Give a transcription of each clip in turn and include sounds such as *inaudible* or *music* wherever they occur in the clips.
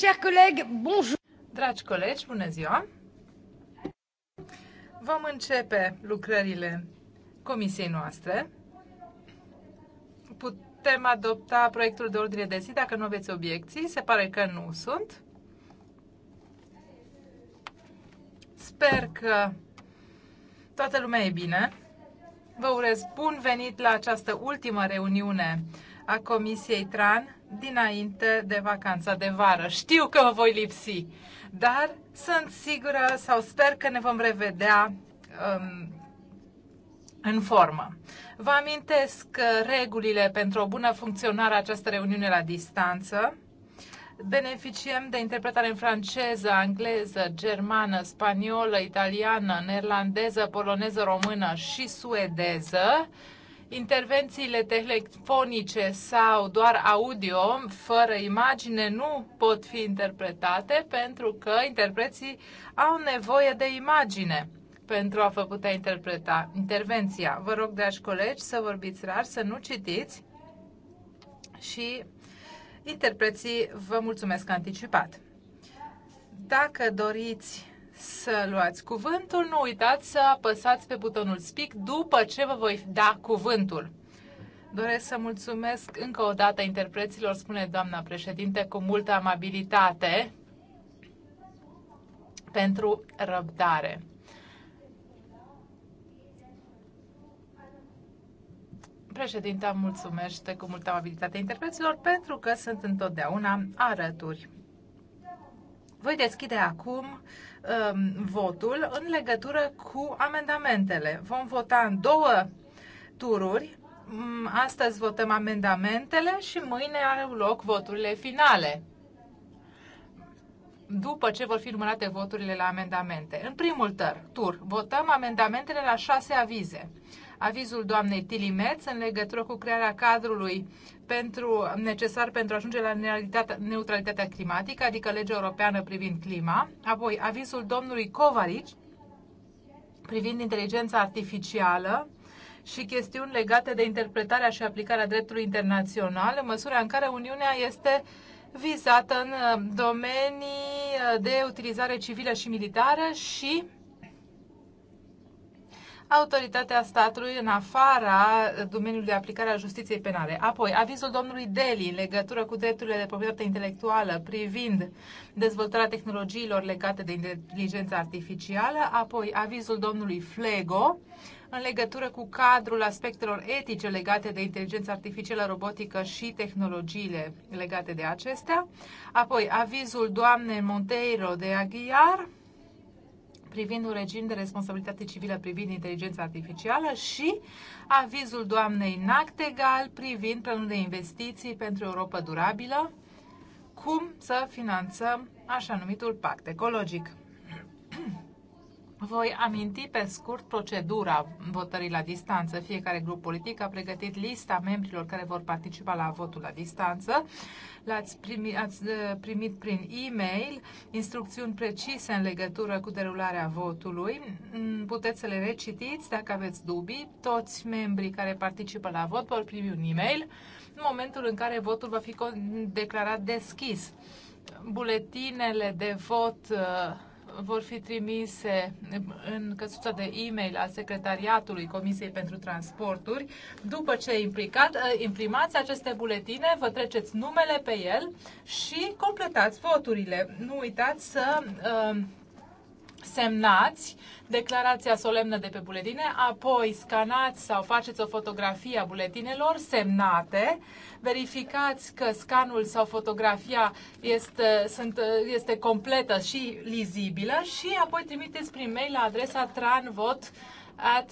Chers collègues, bonjour. Dragi colegi, bună ziua. Vom începe lucrările comisiei noastre. Putem adopta proiectul de ordine de zi dacă nu aveți obiecții. Se pare că nu sunt. Sper că toată lumea e bine. Vă urez bun venit la această ultimă reuniune a Comisiei TRAN dinainte de vacanța de vară. Știu că vă voi lipsi, dar sunt sigură sau sper că ne vom revedea um, în formă. Vă amintesc regulile pentru o bună funcționare a această reuniune la distanță. Beneficiem de interpretare în franceză, engleză, germană, spaniolă, italiană, neerlandeză, poloneză, română și suedeză intervențiile telefonice sau doar audio, fără imagine, nu pot fi interpretate pentru că interpreții au nevoie de imagine pentru a vă putea interpreta intervenția. Vă rog, dragi colegi, să vorbiți rar, să nu citiți și interpreții vă mulțumesc anticipat. Dacă doriți să luați cuvântul, nu uitați să apăsați pe butonul Speak după ce vă voi da cuvântul. Doresc să mulțumesc încă o dată interpreților, spune doamna președinte, cu multă amabilitate pentru răbdare. Președinta mulțumește cu multă amabilitate interpreților pentru că sunt întotdeauna arături. Voi deschide acum Um, votul în legătură cu amendamentele. Vom vota în două tururi. Mm, astăzi votăm amendamentele și mâine are loc voturile finale după ce vor fi numărate voturile la amendamente. În primul tur, votăm amendamentele la șase avize avizul doamnei Tilimeț în legătură cu crearea cadrului pentru, necesar pentru a ajunge la neutralitatea climatică, adică legea europeană privind clima, apoi avizul domnului Covarici privind inteligența artificială, și chestiuni legate de interpretarea și aplicarea dreptului internațional, în măsura în care Uniunea este vizată în uh, domenii uh, de utilizare civilă și militară și autoritatea statului în afara domeniului de aplicare a justiției penale. Apoi, avizul domnului Deli în legătură cu drepturile de proprietate intelectuală privind dezvoltarea tehnologiilor legate de inteligența artificială. Apoi, avizul domnului Flego în legătură cu cadrul aspectelor etice legate de inteligența artificială, robotică și tehnologiile legate de acestea. Apoi, avizul doamnei Monteiro de Aguiar privind un regim de responsabilitate civilă privind inteligența artificială și avizul doamnei Nactegal privind planul de investiții pentru Europa durabilă, cum să finanțăm așa numitul pact ecologic. *clears throat* Voi aminti pe scurt procedura votării la distanță. Fiecare grup politic a pregătit lista membrilor care vor participa la votul la distanță. L-ați primit, ați uh, primit prin e-mail instrucțiuni precise în legătură cu derularea votului. Mm, puteți să le recitiți dacă aveți dubii. Toți membrii care participă la vot vor primi un e-mail în momentul în care votul va fi declarat deschis. Buletinele de vot uh, vor fi trimise în căsuța de e-mail a Secretariatului Comisiei pentru Transporturi. După ce implicat, eh, imprimați aceste buletine, vă treceți numele pe el și completați voturile. Nu uitați să eh, semnați declarația solemnă de pe buletine, apoi scanați sau faceți o fotografie a buletinelor semnate, verificați că scanul sau fotografia este, sunt, este completă și lizibilă și apoi trimiteți prin mail la adresa tranvot at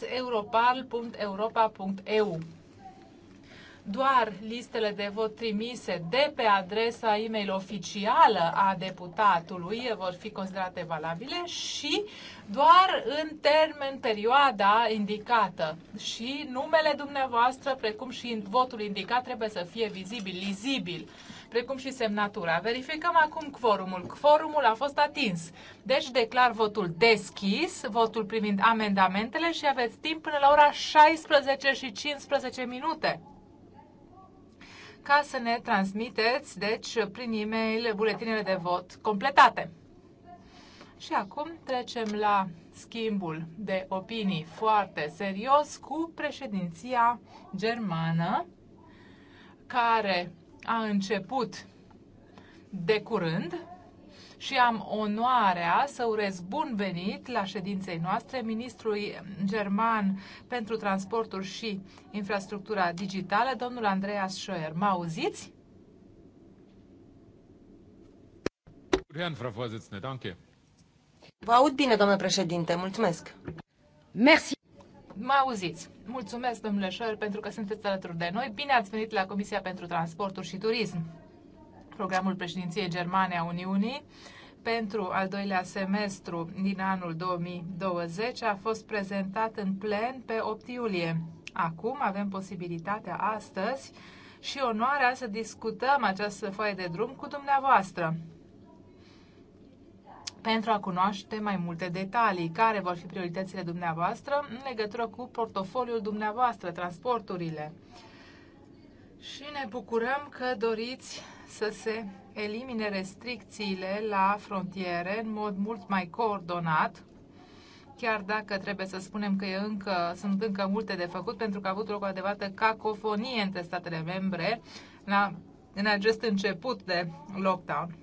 doar listele de vot trimise de pe adresa e-mail oficială a deputatului vor fi considerate valabile și doar în termen perioada indicată. Și numele dumneavoastră, precum și votul indicat, trebuie să fie vizibil, lizibil precum și semnatura. Verificăm acum quorumul. Quorumul a fost atins. Deci declar votul deschis, votul privind amendamentele și aveți timp până la ora 16 și 15 minute ca să ne transmiteți, deci, prin e-mail, buletinele de vot completate. Și acum trecem la schimbul de opinii foarte serios cu președinția germană, care a început de curând și am onoarea să urez bun venit la ședinței noastre ministrului german pentru transporturi și infrastructura digitală, domnul Andreas Scheuer. Mă auziți? Vă aud bine, domnule președinte. Mulțumesc. Merci. Mă auziți. Mulțumesc, domnule Șor, pentru că sunteți alături de noi. Bine ați venit la Comisia pentru Transporturi și Turism programul președinției germane a Uniunii pentru al doilea semestru din anul 2020 a fost prezentat în plen pe 8 iulie. Acum avem posibilitatea astăzi și onoarea să discutăm această foaie de drum cu dumneavoastră pentru a cunoaște mai multe detalii, care vor fi prioritățile dumneavoastră în legătură cu portofoliul dumneavoastră, transporturile. Și ne bucurăm că doriți să se elimine restricțiile la frontiere în mod mult mai coordonat, chiar dacă trebuie să spunem că e încă, sunt încă multe de făcut, pentru că a avut loc o adevărată cacofonie între statele membre la, în acest început de lockdown.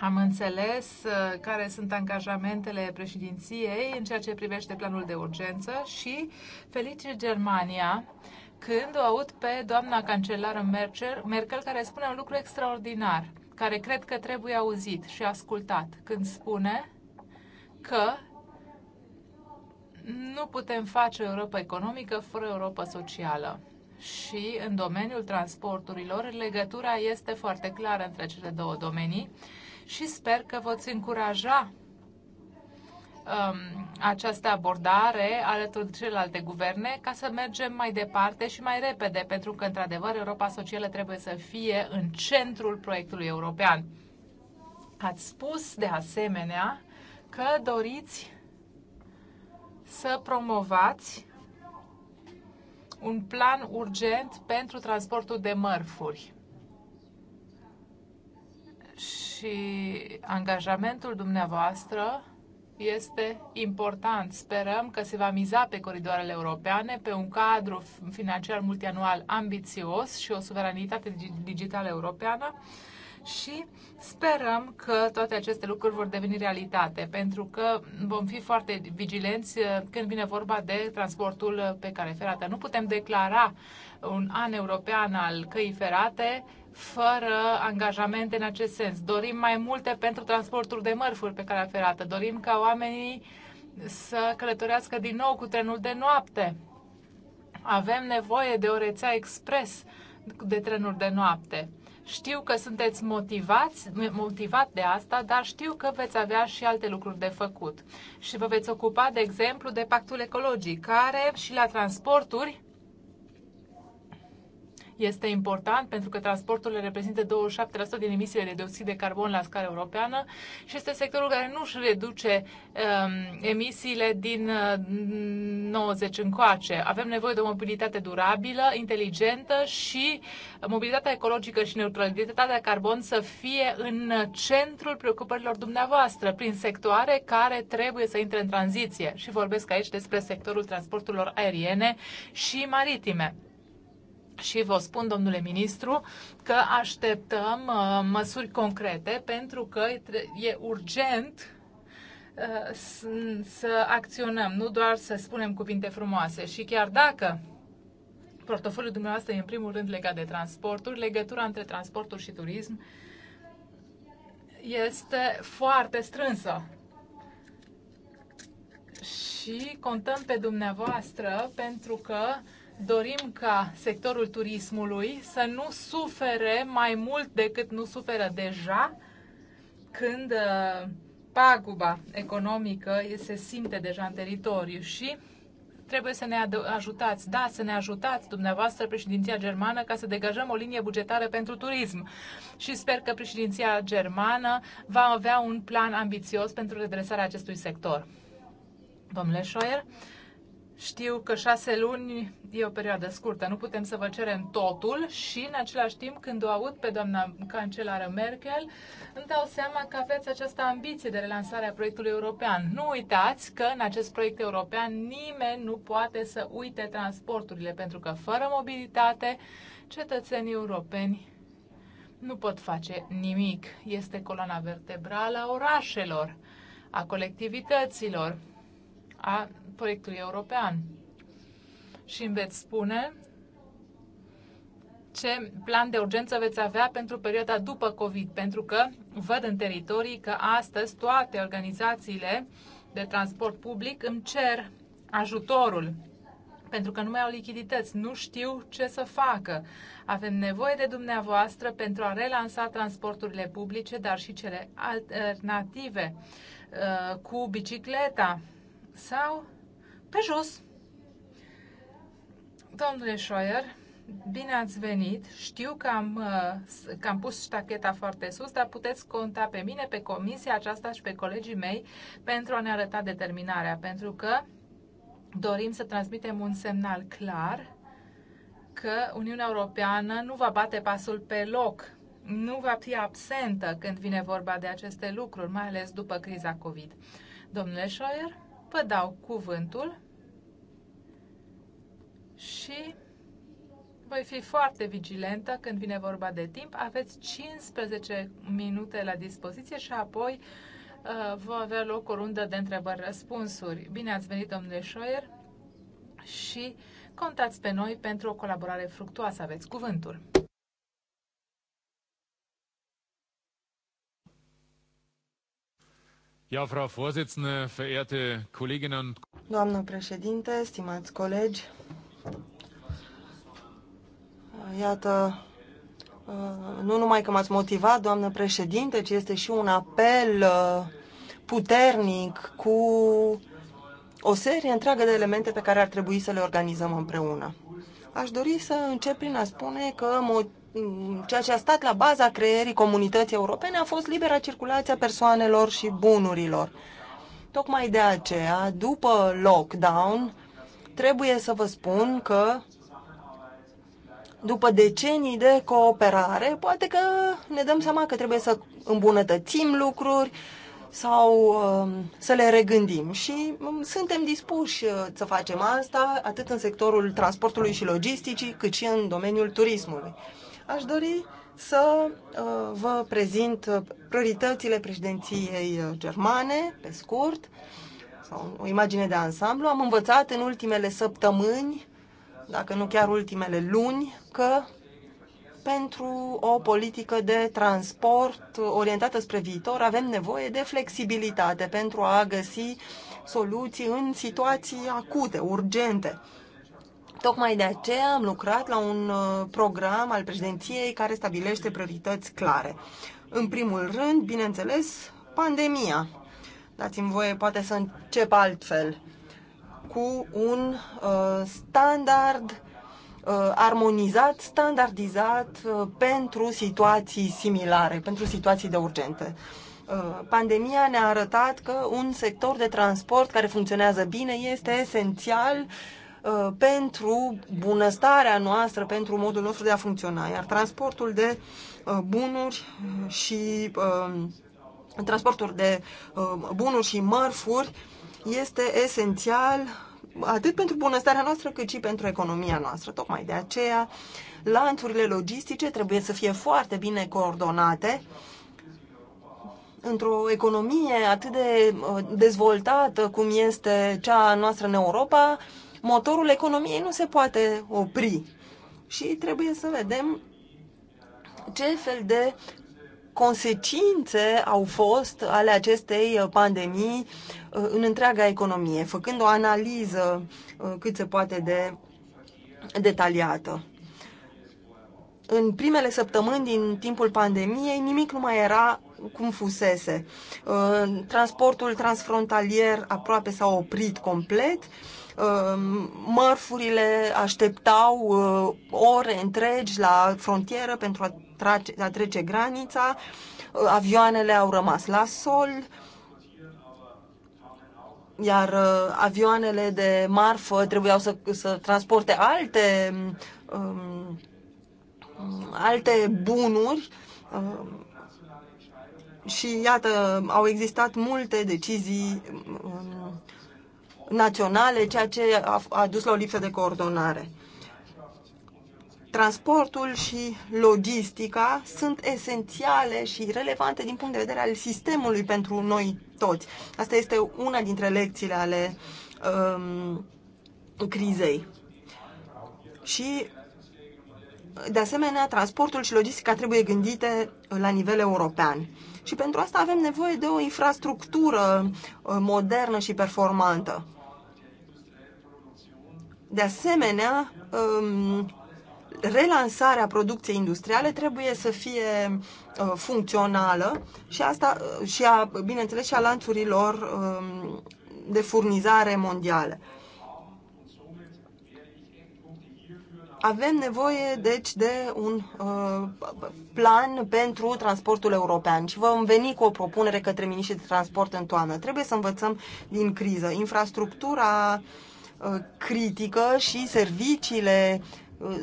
Am înțeles uh, care sunt angajamentele președinției în ceea ce privește planul de urgență și felicit Germania când o aud pe doamna cancelară Merkel, Merkel care spune un lucru extraordinar, care cred că trebuie auzit și ascultat, când spune că nu putem face Europa economică fără Europa socială. Și în domeniul transporturilor, legătura este foarte clară între cele două domenii și sper că voți încuraja um, această abordare alături de celelalte guverne ca să mergem mai departe și mai repede, pentru că, într-adevăr, Europa Socială trebuie să fie în centrul proiectului european. Ați spus, de asemenea, că doriți să promovați un plan urgent pentru transportul de mărfuri. Și angajamentul dumneavoastră este important. Sperăm că se va miza pe coridoarele europeane, pe un cadru financiar multianual ambițios și o suveranitate digitală europeană și sperăm că toate aceste lucruri vor deveni realitate, pentru că vom fi foarte vigilenți uh, când vine vorba de transportul pe care ferată. Nu putem declara un an european al căii ferate fără angajamente în acest sens. Dorim mai multe pentru transportul de mărfuri pe calea ferată. Dorim ca oamenii să călătorească din nou cu trenul de noapte. Avem nevoie de o rețea expres de trenuri de noapte. Știu că sunteți motivați, motivat de asta, dar știu că veți avea și alte lucruri de făcut. Și vă veți ocupa, de exemplu, de pactul ecologic, care și la transporturi este important pentru că transportul reprezintă 27% din emisiile de dioxid de carbon la scară europeană și este sectorul care nu își reduce um, emisiile din uh, 90 încoace. Avem nevoie de o mobilitate durabilă, inteligentă și mobilitatea ecologică și neutralitatea carbon să fie în centrul preocupărilor dumneavoastră prin sectoare care trebuie să intre în tranziție. Și vorbesc aici despre sectorul transporturilor aeriene și maritime. Și vă spun, domnule ministru, că așteptăm uh, măsuri concrete pentru că e urgent uh, să acționăm, nu doar să spunem cuvinte frumoase. Și chiar dacă portofoliul dumneavoastră e în primul rând legat de transporturi, legătura între transporturi și turism este foarte strânsă. Și contăm pe dumneavoastră pentru că uh, dorim ca sectorul turismului să nu sufere mai mult decât nu suferă deja când uh, paguba economică se simte deja în teritoriu și trebuie să ne ajutați, da, să ne ajutați dumneavoastră președinția germană ca să degajăm o linie bugetară pentru turism. Și sper că președinția germană va avea un plan ambițios pentru redresarea acestui sector. Domnule Scheuer, știu că șase luni e o perioadă scurtă, nu putem să vă cerem totul și în același timp când o aud pe doamna cancelară Merkel, îmi dau seama că aveți această ambiție de relansare a proiectului european. Nu uitați că în acest proiect european nimeni nu poate să uite transporturile, pentru că fără mobilitate cetățenii europeni nu pot face nimic. Este coloana vertebrală a orașelor, a colectivităților a proiectului european. Și îmi veți spune ce plan de urgență veți avea pentru perioada după COVID, pentru că văd în teritorii că astăzi toate organizațiile de transport public îmi cer ajutorul pentru că nu mai au lichidități, nu știu ce să facă. Avem nevoie de dumneavoastră pentru a relansa transporturile publice, dar și cele alternative, uh, cu bicicleta, sau pe jos. Domnule Schroyer, bine ați venit. Știu că am, uh, că am pus ștacheta foarte sus, dar puteți conta pe mine, pe comisia aceasta și pe colegii mei pentru a ne arăta determinarea, pentru că dorim să transmitem un semnal clar că Uniunea Europeană nu va bate pasul pe loc, nu va fi absentă când vine vorba de aceste lucruri, mai ales după criza COVID. Domnule Schroyer? vă dau cuvântul și voi fi foarte vigilentă când vine vorba de timp. Aveți 15 minute la dispoziție și apoi uh, va avea loc o rundă de întrebări-răspunsuri. Bine ați venit, domnule Șoier, și contați pe noi pentru o colaborare fructuoasă. Aveți cuvântul. Ja, Frau Vorsitzende, verehrte Kolleginnen und Doamnă președinte, stimați colegi, iată, uh, nu numai că m-ați motivat, doamnă președinte, ci este și un apel uh, puternic cu o serie întreagă de elemente pe care ar trebui să le organizăm împreună. Aș dori să încep prin a spune că Mm, ceea ce a stat la baza creierii comunității europene a fost libera circulație a persoanelor și bunurilor. Tocmai de aceea, după lockdown, trebuie să vă spun că după decenii de cooperare, poate că ne dăm seama că trebuie să îmbunătățim lucruri sau um, să le regândim. Și um, suntem dispuși uh, să facem asta atât în sectorul transportului și logisticii, cât și în domeniul turismului. Aș dori să uh, vă prezint uh, prioritățile președinției uh, germane, pe scurt, sau o imagine de ansamblu. Am învățat în ultimele săptămâni, dacă nu chiar ultimele luni, că pentru o politică de transport orientată spre viitor avem nevoie de flexibilitate pentru a găsi soluții în situații acute, urgente. Tocmai de aceea am lucrat la un uh, program al președinției care stabilește priorități clare. În primul rând, bineînțeles, pandemia. Dați-mi voie poate să încep altfel, cu un uh, standard uh, armonizat, standardizat uh, pentru situații similare, pentru situații de urgente. Uh, pandemia ne-a arătat că un sector de transport care funcționează bine este esențial uh, Uh, pentru bunăstarea noastră, pentru modul nostru de a funcționa. Iar transportul de uh, bunuri și um, transportul de um, bunuri și mărfuri este esențial atât pentru bunăstarea noastră cât și pentru economia noastră. Tocmai de aceea lanțurile logistice trebuie să fie foarte bine coordonate într-o economie atât de uh, dezvoltată cum este cea noastră în Europa, motorul economiei nu se poate opri. Și trebuie să vedem ce fel de consecințe au fost ale acestei pandemii uh, în întreaga economie, făcând o analiză uh, cât se poate de detaliată. În primele săptămâni din timpul pandemiei nimic nu mai era cum fusese. Uh, transportul transfrontalier aproape s-a oprit complet Ehm, mărfurile așteptau uh, ore întregi la frontieră pentru a, trece, a trece granița, uh, avioanele au rămas la sol, iar uh, avioanele de marfă trebuiau să, să transporte alte, um, alte bunuri ehm, și iată, au existat multe decizii um, naționale, ceea ce a, a dus la o lipsă de coordonare. Transportul și logistica sunt esențiale și relevante din punct de vedere al sistemului pentru noi toți. Asta este una dintre lecțiile ale um, crizei. Și, de asemenea, transportul și logistica trebuie gândite la nivel european. Și pentru asta avem nevoie de o infrastructură uh, modernă și performantă. De asemenea, um, relansarea producției industriale trebuie să fie uh, funcțională și asta uh, și a, bineînțeles, și a lanțurilor um, de furnizare mondiale. Avem nevoie, deci, de un uh, plan pentru transportul european și vom veni cu o propunere către miniștrii de transport în toamnă. Trebuie să învățăm din criză. Infrastructura uh, Uh, critică și serviciile uh,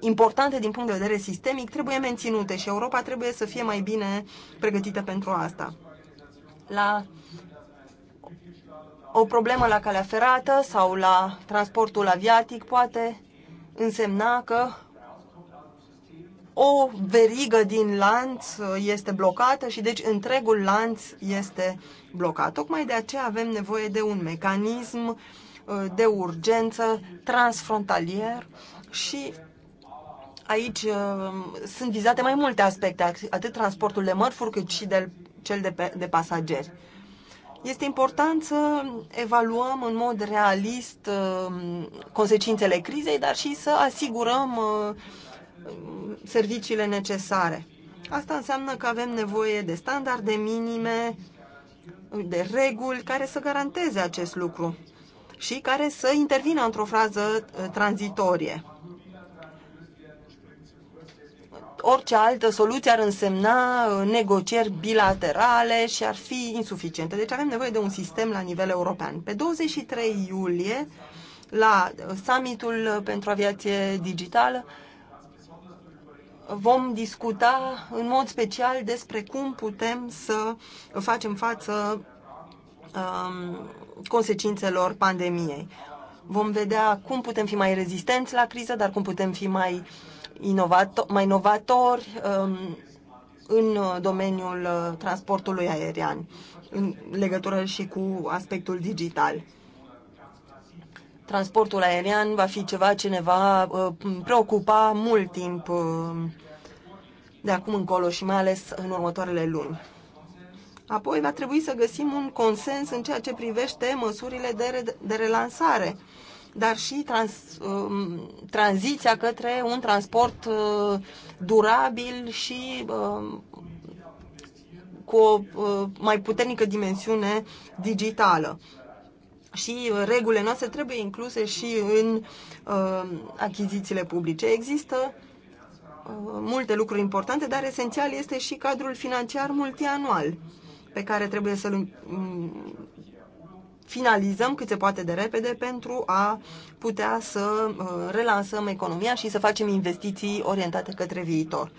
importante din punct de vedere sistemic trebuie menținute și Europa trebuie să fie mai bine pregătită pentru asta. La o problemă la calea ferată sau la transportul aviatic poate însemna că o verigă din lanț este blocată și deci întregul lanț este blocat. Tocmai de aceea avem nevoie de un mecanism Uh, de urgență, transfrontalier și aici uh, sunt vizate mai multe aspecte, atât transportul de mărfuri cât și de, cel de, pe, de pasageri. Este important să evaluăm în mod realist uh, consecințele crizei, dar și să asigurăm serviciile necesare. Asta înseamnă că avem nevoie de standarde minime, de reguli care să garanteze acest lucru și care să intervină într-o frază uh, tranzitorie. Orice altă soluție ar însemna uh, negocieri bilaterale și ar fi insuficiente. Deci avem nevoie de un sistem la nivel european. Pe 23 iulie, la uh, summitul pentru aviație digitală, vom discuta în mod special despre cum putem să facem față um, consecințelor pandemiei. Vom vedea cum putem fi mai rezistenți la criză, dar cum putem fi mai, inovato- mai inovatori um, în domeniul uh, transportului aerian, în legătură și cu aspectul digital transportul aerian va fi ceva ce ne va uh, preocupa mult timp uh, de acum încolo și mai ales în următoarele luni. Apoi va trebui să găsim un consens în ceea ce privește măsurile de, re, de relansare, dar și trans, um, tranziția către un transport uh, durabil și um, cu o uh, mai puternică dimensiune digitală. Și uh, regulile noastre trebuie incluse și în um, achizițiile publice. Există multe lucruri importante, dar esențial este și cadrul financiar multianual pe care trebuie să-l mm, finalizăm cât se poate de repede pentru a putea să uh, relansăm economia și să facem investiții orientate către viitor.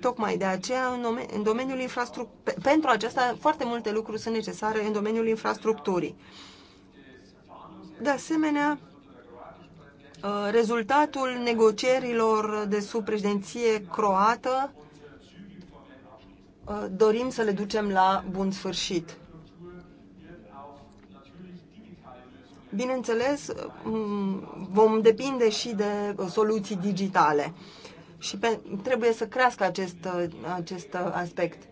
Tocmai de aceea, în domeniul infrastructurii, pentru aceasta, foarte multe lucruri sunt necesare în domeniul infrastructurii. De asemenea, uh, rezultatul negocierilor de sub președinție croată Uh, dorim să le ducem la bun sfârșit. Bineînțeles, um, vom depinde și de uh, soluții digitale și pe, trebuie să crească acest, uh, acest aspect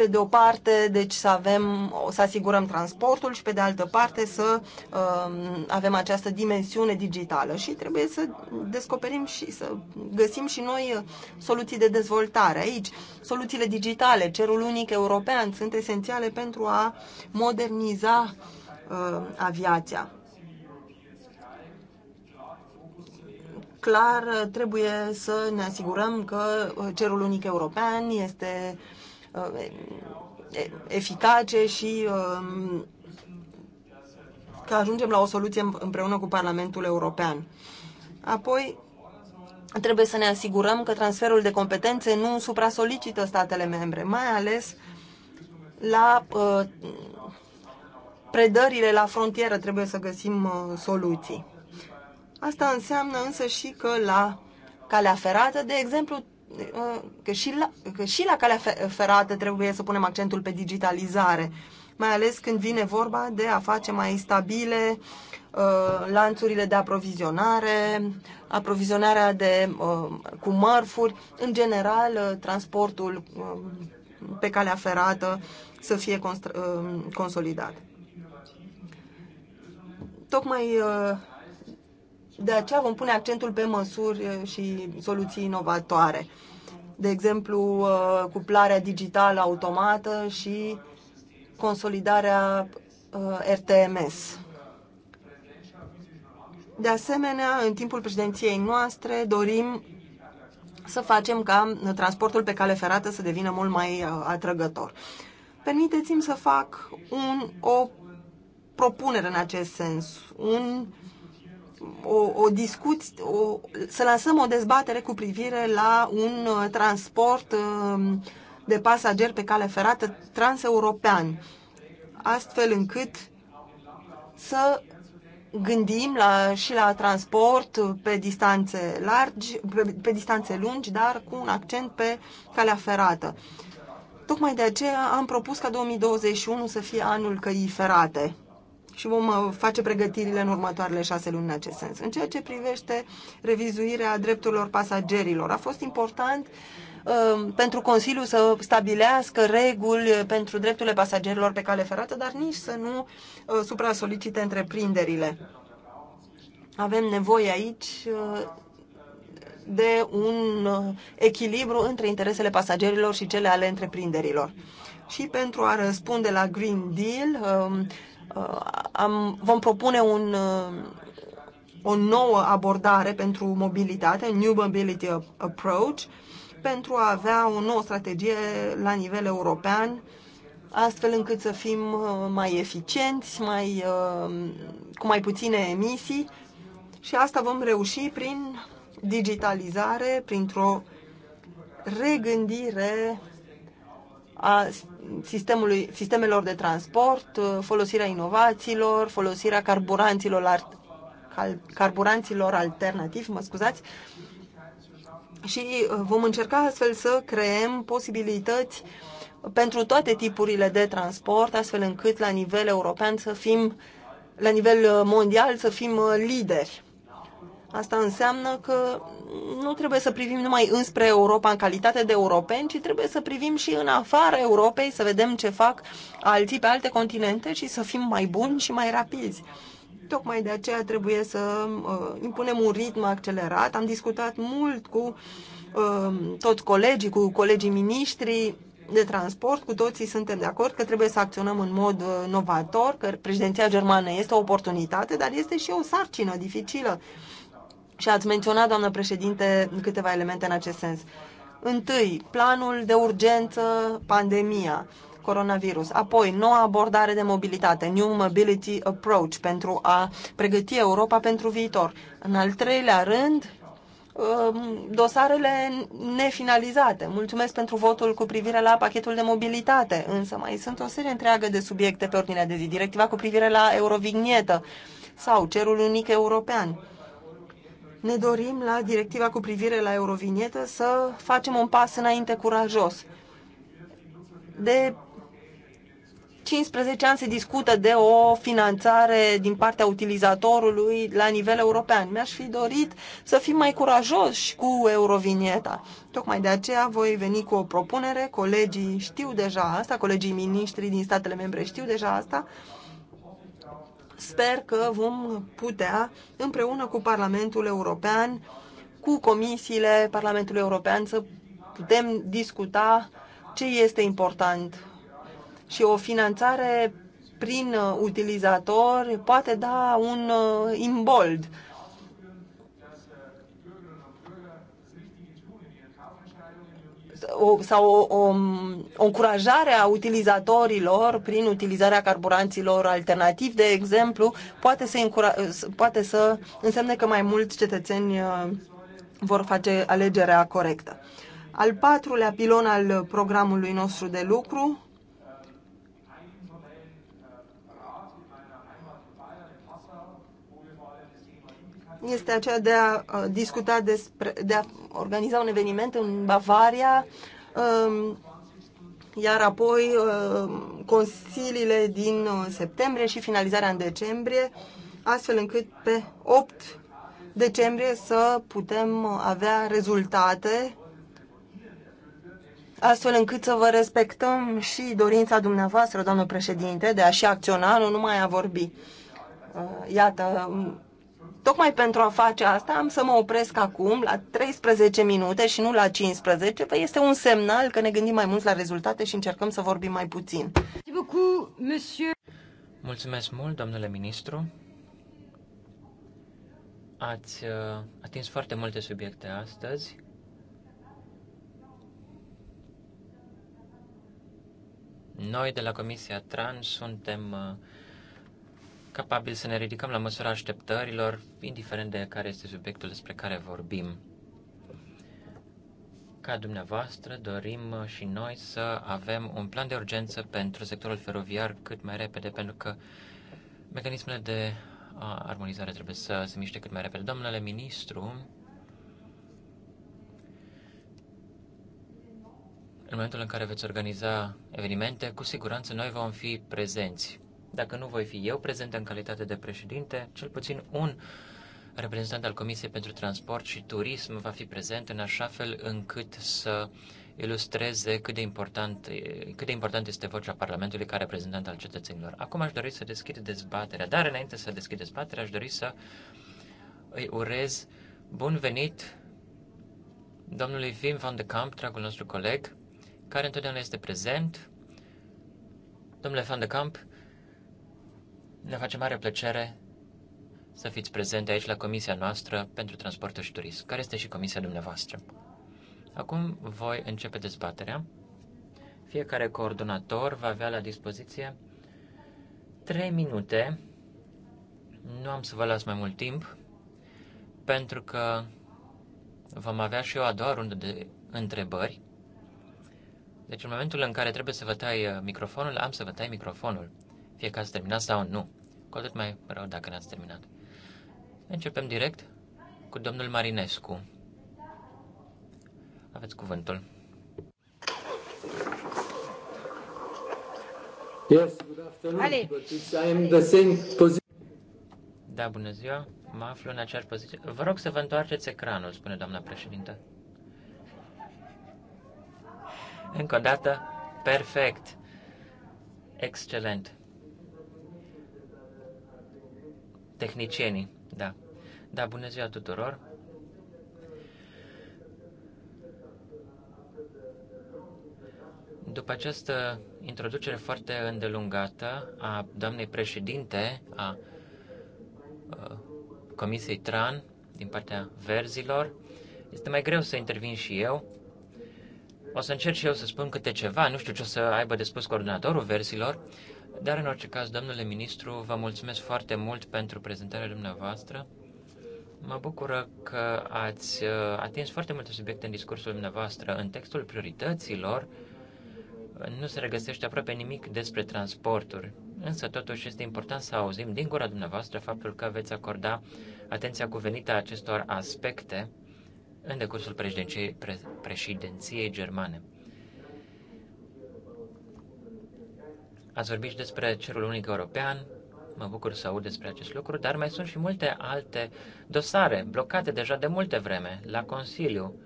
pe de o parte, deci să avem, să asigurăm transportul și pe de altă parte să uh, avem această dimensiune digitală și trebuie să descoperim și să găsim și noi uh, soluții de dezvoltare aici. Soluțiile digitale, cerul unic european sunt esențiale pentru a moderniza uh, aviația. clar trebuie să ne asigurăm că uh, cerul unic european este Uh, eficace și um, că ajungem la o soluție împreună cu Parlamentul European. Apoi, trebuie să ne asigurăm că transferul de competențe nu supra-solicită statele membre, mai ales la uh, predările la frontieră trebuie să găsim uh, soluții. Asta înseamnă însă și că la calea ferată, de exemplu, Uh, că și la, că și la calea ferată trebuie să punem accentul pe digitalizare, mai ales când vine vorba de a face mai stabile uh, lanțurile de aprovizionare, aprovizionarea de, uh, cu mărfuri, în general transportul pe calea ferată să fie consolidat. Tocmai de aceea vom pune accentul pe măsuri uh, și soluții inovatoare. De exemplu, uh, cuplarea digitală automată și consolidarea uh, RTMS. De asemenea, în timpul președinției noastre dorim să facem ca transportul pe cale ferată să devină mult mai atrăgător. Permiteți-mi să fac un, o propunere în acest sens, un o, o discuție, o, să lansăm o dezbatere cu privire la un uh, transport um, de pasageri pe cale ferată transeuropean, astfel încât să gândim la, și la transport pe distanțe largi, pe, pe distanțe lungi, dar cu un accent pe calea ferată. Tocmai de aceea am propus ca 2021 să fie anul căii ferate și vom uh, face pregătirile în următoarele șase luni în acest sens. În ceea ce privește revizuirea drepturilor pasagerilor, a fost important uh, pentru Consiliu să stabilească reguli pentru drepturile pasagerilor pe cale ferată, dar nici să nu uh, supra-solicite întreprinderile. Avem nevoie aici de un echilibru între interesele pasagerilor și cele ale întreprinderilor. Și pentru a răspunde la Green Deal, um, Uh, am, vom propune un, uh, o nouă abordare pentru mobilitate, New Mobility Approach, pentru a avea o nouă strategie la nivel european, astfel încât să fim uh, mai eficienți, mai, cu mai puține emisii și asta vom reuși prin digitalizare, printr-o regândire a sistemului, sistemelor de transport, uh, folosirea inovațiilor, folosirea carburanților, carburanților alternativi, mă scuzați, și uh, vom încerca astfel să creăm posibilități pentru toate tipurile de transport, astfel încât la nivel european să fim, la nivel uh, mondial să fim lideri. Asta înseamnă că nu trebuie să privim numai înspre Europa în calitate de europeni, ci trebuie să privim și în afara Europei, să vedem ce fac alții pe alte continente și să fim mai buni și mai rapizi. Tocmai de aceea trebuie să uh, impunem un ritm accelerat. Am discutat mult cu uh, toți colegii, cu colegii miniștri de transport, cu toții suntem de acord că trebuie să acționăm în mod uh, novator, că președinția germană este o oportunitate, dar este și o sarcină dificilă. Uh, și ați menționat, doamnă președinte, câteva elemente în acest sens. Întâi, planul de urgență, pandemia, coronavirus. Apoi, noua abordare de mobilitate, New Mobility Approach, pentru a pregăti Europa pentru viitor. În al treilea rând, um, dosarele nefinalizate. Mulțumesc pentru votul cu privire la pachetul de mobilitate, însă mai sunt o serie întreagă de subiecte pe ordinea de zi. Directiva cu privire la Eurovignetă sau Cerul Unic European ne dorim la directiva cu privire la eurovinietă să facem un pas înainte curajos. De 15 ani se discută de o finanțare din partea utilizatorului la nivel european. Mi-aș fi dorit să fim mai curajoși cu Eurovinieta. Tocmai de aceea voi veni cu o propunere, colegii știu deja asta, colegii miniștri din statele membre știu deja asta, sper că vom putea, împreună cu Parlamentul European, cu comisiile Parlamentului European, să putem discuta ce este important. Și o finanțare prin utilizator poate da un uh, imbold o, sau o, o, o încurajare a utilizatorilor prin utilizarea carburanților alternativi, de exemplu, poate să, încura, poate să însemne că mai mulți cetățeni uh, vor face alegerea corectă. Al patrulea pilon al programului nostru de lucru este aceea de a discuta despre, de a organiza un eveniment în Bavaria, um, iar apoi um, consiliile din uh, septembrie și finalizarea în decembrie, astfel încât pe 8 decembrie să putem avea rezultate astfel încât să vă respectăm și dorința dumneavoastră, doamnă președinte, de a și acționa, nu numai a vorbi. Uh, iată, um, Tocmai pentru a face asta am să mă opresc acum la 13 minute și nu la 15. Păi este un semnal că ne gândim mai mult la rezultate și încercăm să vorbim mai puțin. Mulțumesc mult, domnule ministru. Ați uh, atins foarte multe subiecte astăzi. Noi de la Comisia Trans suntem uh, capabili să ne ridicăm la măsura așteptărilor, indiferent de care este subiectul despre care vorbim. Ca dumneavoastră, dorim și noi să avem un plan de urgență pentru sectorul feroviar cât mai repede, pentru că mecanismele de armonizare trebuie să se miște cât mai repede. Domnule ministru, în momentul în care veți organiza evenimente, cu siguranță noi vom fi prezenți. Dacă nu voi fi eu prezent în calitate de președinte, cel puțin un reprezentant al Comisiei pentru Transport și Turism va fi prezent în așa fel încât să ilustreze cât de, important, cât de important este vocea Parlamentului ca reprezentant al cetățenilor. Acum aș dori să deschid dezbaterea, dar înainte să deschid dezbaterea aș dori să îi urez bun venit domnului Wim van de Camp, dragul nostru coleg, care întotdeauna este prezent. Domnule van de Camp, ne face mare plăcere să fiți prezente aici la comisia noastră pentru transportul și turism, care este și comisia dumneavoastră. Acum voi începe dezbaterea. Fiecare coordonator va avea la dispoziție 3 minute. Nu am să vă las mai mult timp, pentru că vom avea și eu a doua rundă de întrebări. Deci în momentul în care trebuie să vă tai uh, microfonul, am să vă tai microfonul fie că ați terminat sau nu. Cu atât mai rău dacă n-ați terminat. Începem direct cu domnul Marinescu. Aveți cuvântul. Yes, good afternoon. Da, bună ziua. Mă aflu în aceeași poziție. Vă rog să vă întoarceți ecranul, spune doamna președintă. Încă o dată, perfect. Excelent. Tehnicienii, da. Da, bună ziua tuturor. După această introducere foarte îndelungată a doamnei președinte a uh, Comisiei TRAN din partea verzilor, este mai greu să intervin și eu. O să încerc și eu să spun câte ceva, nu știu ce o să aibă de spus coordonatorul versilor, dar, în orice caz, domnule ministru, vă mulțumesc foarte mult pentru prezentarea dumneavoastră. Mă bucură că ați uh, atins foarte multe subiecte în discursul dumneavoastră. În textul priorităților nu se regăsește aproape nimic despre transporturi, însă totuși este important să auzim din gura dumneavoastră faptul că veți acorda atenția cuvenită a acestor aspecte în decursul președinției, președinției germane. Ați vorbit și despre cerul unic european, mă bucur să aud despre acest lucru, dar mai sunt și multe alte dosare blocate deja de multe vreme la Consiliu.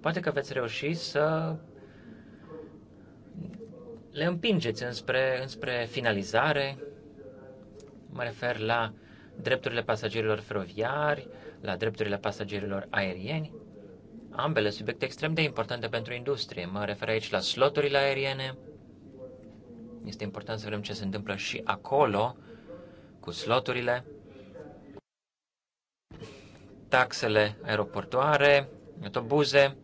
Poate că veți reuși să le împingeți înspre, înspre finalizare. Mă refer la drepturile pasagerilor feroviari, la drepturile pasagerilor aerieni, ambele subiecte extrem de importante pentru industrie. Mă refer aici la sloturile aeriene, este important să vedem ce se întâmplă și acolo cu sloturile, taxele aeroportoare, autobuze.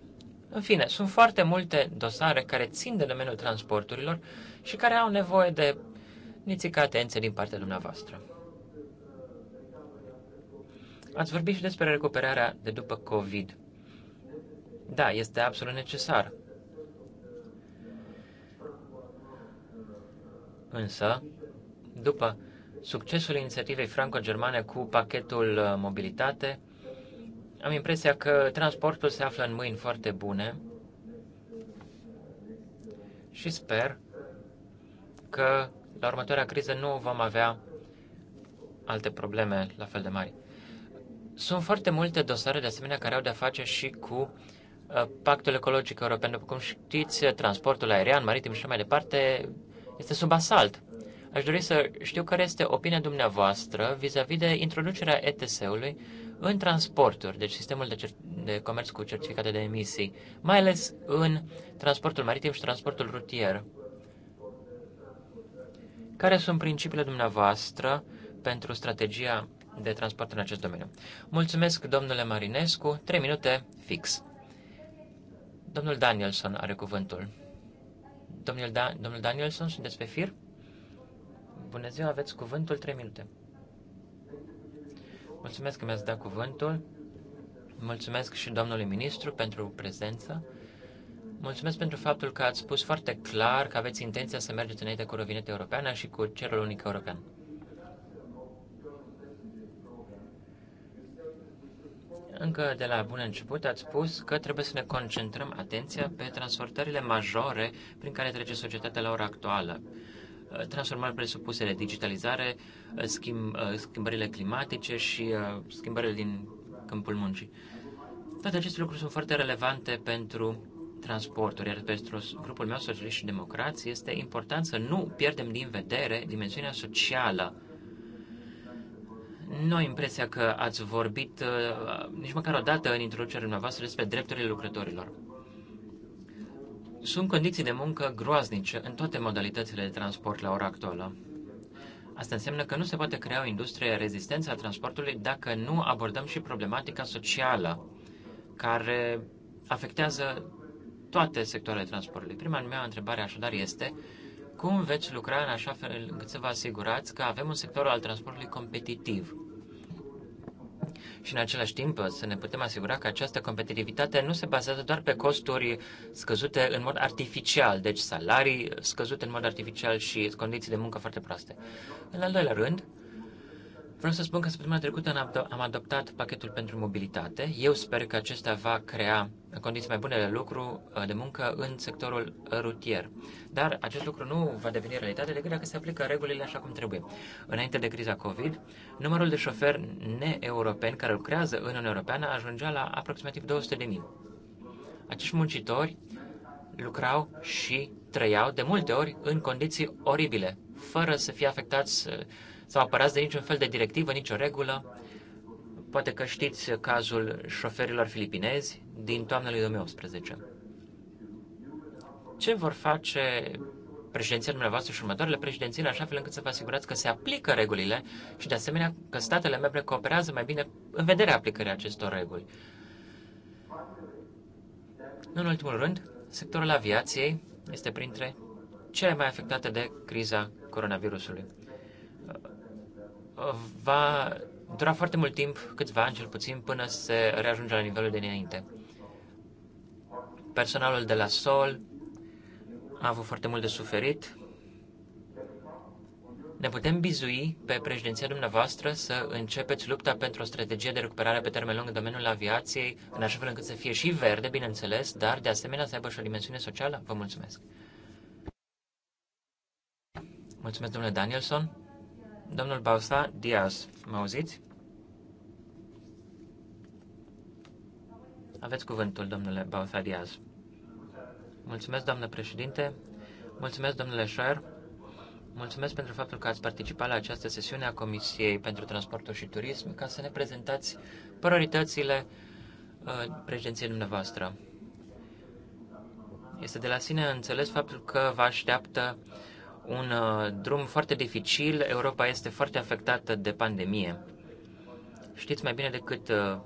În fine, sunt foarte multe dosare care țin de domeniul transporturilor și care au nevoie de nițică atenție din partea dumneavoastră. Ați vorbit și despre recuperarea de după COVID. Da, este absolut necesar. Însă, după succesul inițiativei franco-germane cu pachetul uh, mobilitate, am impresia că transportul se află în mâini foarte bune și sper că la următoarea criză nu vom avea alte probleme la fel de mari. Sunt foarte multe dosare de asemenea care au de-a face și cu uh, pactul ecologic european. După cum știți, transportul aerian, maritim și mai departe este sub asalt. Aș dori să știu care este opinia dumneavoastră vis-a-vis -vis de introducerea ETS-ului în transporturi, deci sistemul de, de comerț cu certificate de emisii, mai ales în transportul maritim și transportul rutier. Care sunt principiile dumneavoastră pentru strategia de transport în acest domeniu? Mulțumesc, domnule Marinescu, Trei minute fix. Domnul Danielson are cuvântul. Domnul, da- domnul Danielson, sunteți pe fir? Bună ziua, aveți cuvântul 3 minute. Mulțumesc că mi-ați dat cuvântul. Mulțumesc și domnului ministru pentru prezență. Mulțumesc pentru faptul că ați spus foarte clar că aveți intenția să mergeți înainte cu rovineta europeană și cu cerul unic european. Încă de la bun început ați spus că trebuie să ne concentrăm atenția pe transformările majore prin care trece societatea la ora actuală. Transformări presupuse de digitalizare, schimb, uh, schimbările climatice și uh, schimbările din câmpul muncii. Toate aceste lucruri sunt foarte relevante pentru transporturi, iar pentru grupul meu, Socialiști și Democrați, este important să nu pierdem din vedere dimensiunea socială nu ai impresia că ați vorbit uh, nici măcar o dată în introducerea dumneavoastră despre drepturile lucrătorilor. Sunt condiții de muncă groaznice în toate modalitățile de transport la ora actuală. Asta înseamnă că nu se poate crea o industrie rezistență a transportului dacă nu abordăm și problematica socială care afectează toate sectoarele transportului. Prima mea întrebare așadar este cum veți lucra în așa fel încât să vă asigurați că avem un sector al transportului competitiv? Și în același timp să ne putem asigura că această competitivitate nu se bazează doar pe costuri scăzute în mod artificial, deci salarii scăzute în mod artificial și condiții de muncă foarte proaste. În al doilea rând, Vreau să spun că săptămâna trecută am adoptat pachetul pentru mobilitate. Eu sper că acesta va crea condiții mai bune de lucru, uh, de muncă în sectorul rutier. Dar acest lucru nu va deveni realitate decât dacă se aplică regulile așa cum trebuie. Înainte de criza COVID, numărul de șoferi neeuropeni care lucrează în Uniunea Europeană ajungea la aproximativ 200.000. Acești muncitori lucrau și trăiau de multe ori în condiții oribile, fără să fie afectați uh, sau apărați de niciun fel de directivă, nicio regulă. Poate că știți cazul șoferilor filipinezi din toamna lui 2018. Ce vor face președinția dumneavoastră și următoarele președinții, în așa fel încât să vă asigurați că se aplică regulile și, de asemenea, că statele membre cooperează mai bine în vederea aplicării acestor reguli. Nu în ultimul rând, sectorul aviației este printre cele mai afectate de criza coronavirusului va dura foarte mult timp, câțiva ani cel puțin, până se reajunge la nivelul de înainte. Personalul de la Sol a avut foarte mult de suferit. Ne putem bizui pe președinția dumneavoastră să începeți lupta pentru o strategie de recuperare pe termen lung în domeniul aviației, în așa fel încât să fie și verde, bineînțeles, dar de asemenea să aibă și o dimensiune socială? Vă mulțumesc! Mulțumesc, domnule Danielson! Domnul Bausa Diaz, mă auziți? Aveți cuvântul, domnule Bausa Diaz. Mulțumesc, doamnă președinte. Mulțumesc, domnule Schreier. Mulțumesc pentru faptul că ați participat la această sesiune a Comisiei pentru Transportul și Turism ca să ne prezentați prioritățile uh, președinției dumneavoastră. Este de la sine înțeles faptul că vă așteaptă uh, un uh, drum foarte dificil. Europa este foarte afectată de pandemie. Știți mai bine decât uh,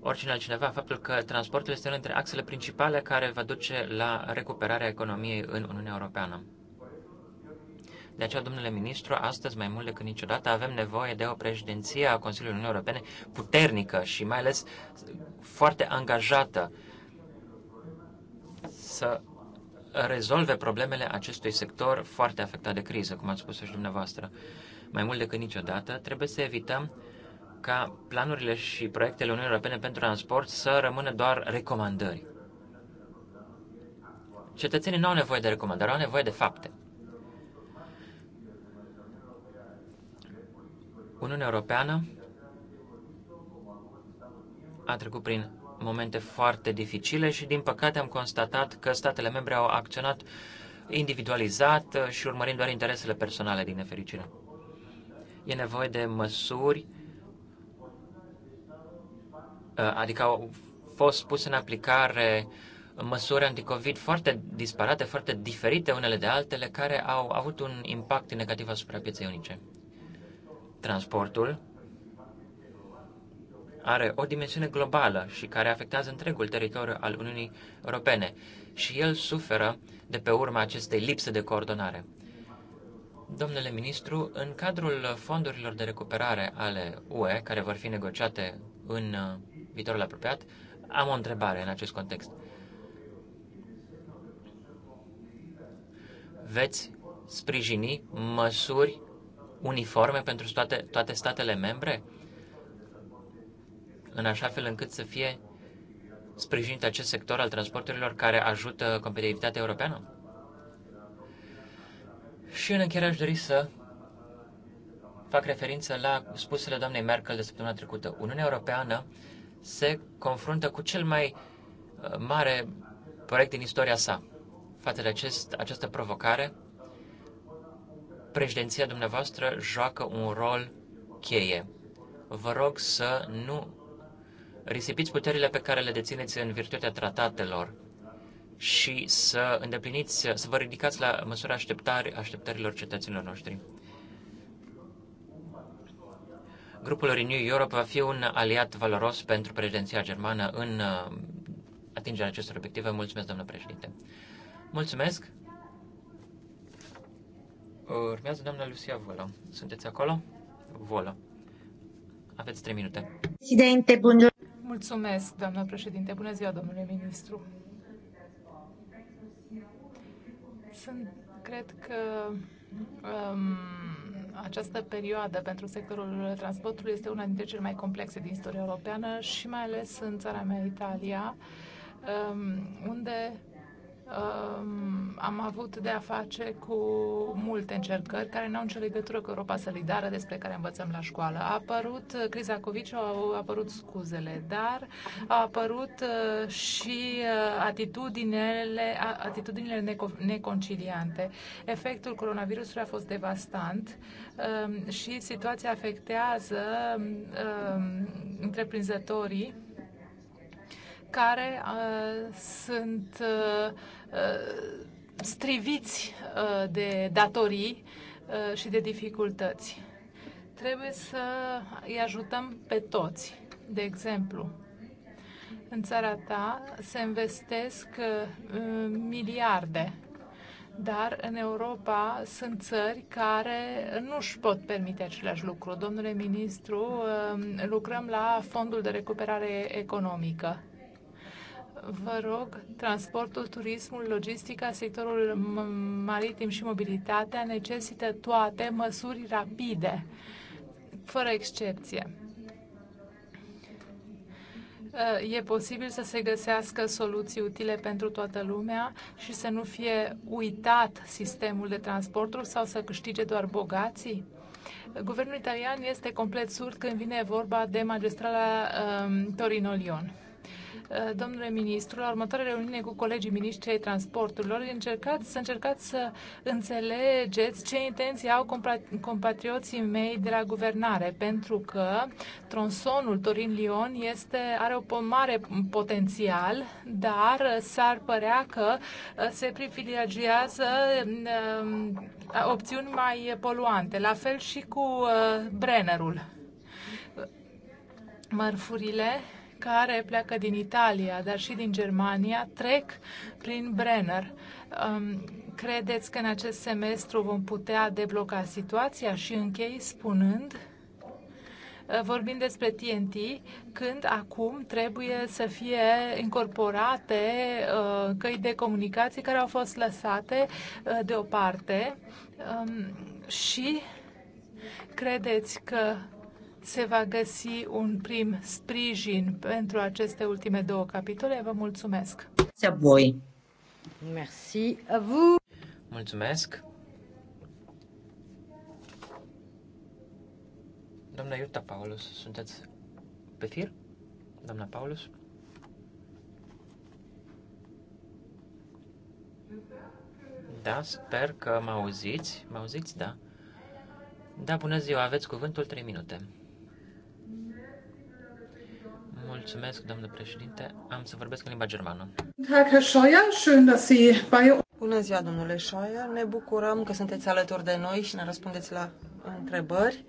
oricine altcineva faptul că transportul este unul dintre axele principale care va duce la recuperarea economiei în Uniunea Europeană. De aceea, domnule ministru, astăzi mai mult decât niciodată avem nevoie de o președinție a Consiliului Uniunii Europene puternică și mai ales foarte angajată să rezolve problemele acestui sector foarte afectat de criză, cum ați spus și dumneavoastră. Mai mult decât niciodată, trebuie să evităm ca planurile și proiectele Uniunii Europene pentru transport să rămână doar recomandări. Cetățenii nu au nevoie de recomandări, au nevoie de fapte. Uniunea Europeană a trecut prin momente foarte dificile și, din păcate, am constatat că statele membre au acționat individualizat și urmărind doar interesele personale, din nefericire. E nevoie de măsuri, uh, adică au fost puse în aplicare măsuri anticovid foarte disparate, foarte diferite unele de altele, care au avut un impact negativ asupra pieței unice. Transportul, are o dimensiune globală și care afectează întregul teritoriu al Uniunii Europene și el suferă de pe urma acestei lipse de coordonare. Domnule ministru, în cadrul fondurilor de recuperare ale UE, care vor fi negociate în uh, viitorul apropiat, am o întrebare în acest context. Veți sprijini măsuri uniforme pentru toate, toate statele membre? în așa fel încât să fie sprijinit acest sector al transporturilor care ajută competitivitatea europeană? Și în încheiere aș dori să fac referință la spusele doamnei Merkel de săptămâna trecută. Uniunea Europeană se confruntă cu cel mai uh, mare proiect din istoria sa. Față de acest, această provocare, președinția dumneavoastră joacă un rol cheie. Vă rog să nu risipiți puterile pe care le dețineți în virtutea tratatelor și să îndepliniți, să vă ridicați la măsura așteptări, așteptărilor cetățenilor noștri. Grupul Renew Europe va fi un aliat valoros pentru președinția germană în uh, atingerea acestor obiective. Mulțumesc, domnule președinte. Mulțumesc. Urmează doamna Lucia Volo. Sunteți acolo? Volo. Aveți trei minute. Presidente, bună. Mulțumesc, doamnă președinte. Bună ziua, domnule ministru. Sunt, cred că um, această perioadă pentru sectorul transportului este una dintre cele mai complexe din istoria europeană și mai ales în țara mea, Italia, um, unde am avut de a face cu multe încercări care nu au nicio legătură cu Europa Solidară despre care învățăm la școală. A apărut uh, criza COVID au apărut scuzele, dar au apărut uh, și uh, atitudinile, atitudinile neconciliante. Efectul coronavirusului a fost devastant um, și situația afectează um, întreprinzătorii care uh, sunt uh, Uh, striviți uh, de datorii uh, și de dificultăți. Trebuie să îi ajutăm pe toți. De exemplu, în țara ta se investesc miliarde, dar în Europa sunt țări care nu își pot permite același lucru. Domnule ministru, lucrăm la Fondul de Recuperare Economică vă rog, transportul, turismul, logistica, sectorul maritim și mobilitatea necesită toate măsuri rapide, fără excepție. Uh, e posibil să se găsească soluții utile pentru toată lumea și să nu fie uitat sistemul de transporturi sau să câștige doar bogații? Guvernul italian este complet surd când vine vorba de magistrala um, Torino-Lion. Uh, domnule ministru, la următoarea reuniune cu colegii ministrii ai transporturilor, încercați, să încercați să înțelegeți ce intenții au compatrioții mei de la guvernare, pentru că tronsonul Torin-Lyon este, are o mare potențial, dar s-ar părea că uh, se privilegiază um, opțiuni mai poluante, la fel și cu uh, Brennerul. Mărfurile care pleacă din Italia, dar și din Germania, trec prin Brenner. Um, credeți că în acest semestru vom putea debloca situația? Și închei spunând uh, vorbind despre TNT, când acum trebuie să fie incorporate uh, căi de comunicații care au fost lăsate uh, deoparte um, și credeți că se va găsi un prim sprijin pentru aceste ultime două capitole. Vă mulțumesc! Să voi! Merci vous! Mulțumesc! Doamna Iuta Paulus, sunteți pe fir? Doamna Paulus? Da, sper că mă auziți. Mă auziți? Da. Da, bună ziua, aveți cuvântul 3 minute. Mulțumesc, domnule președinte. Am să vorbesc în limba germană. Bună ziua, domnule Șoia. Ne bucurăm că sunteți alături de noi și ne răspundeți la întrebări.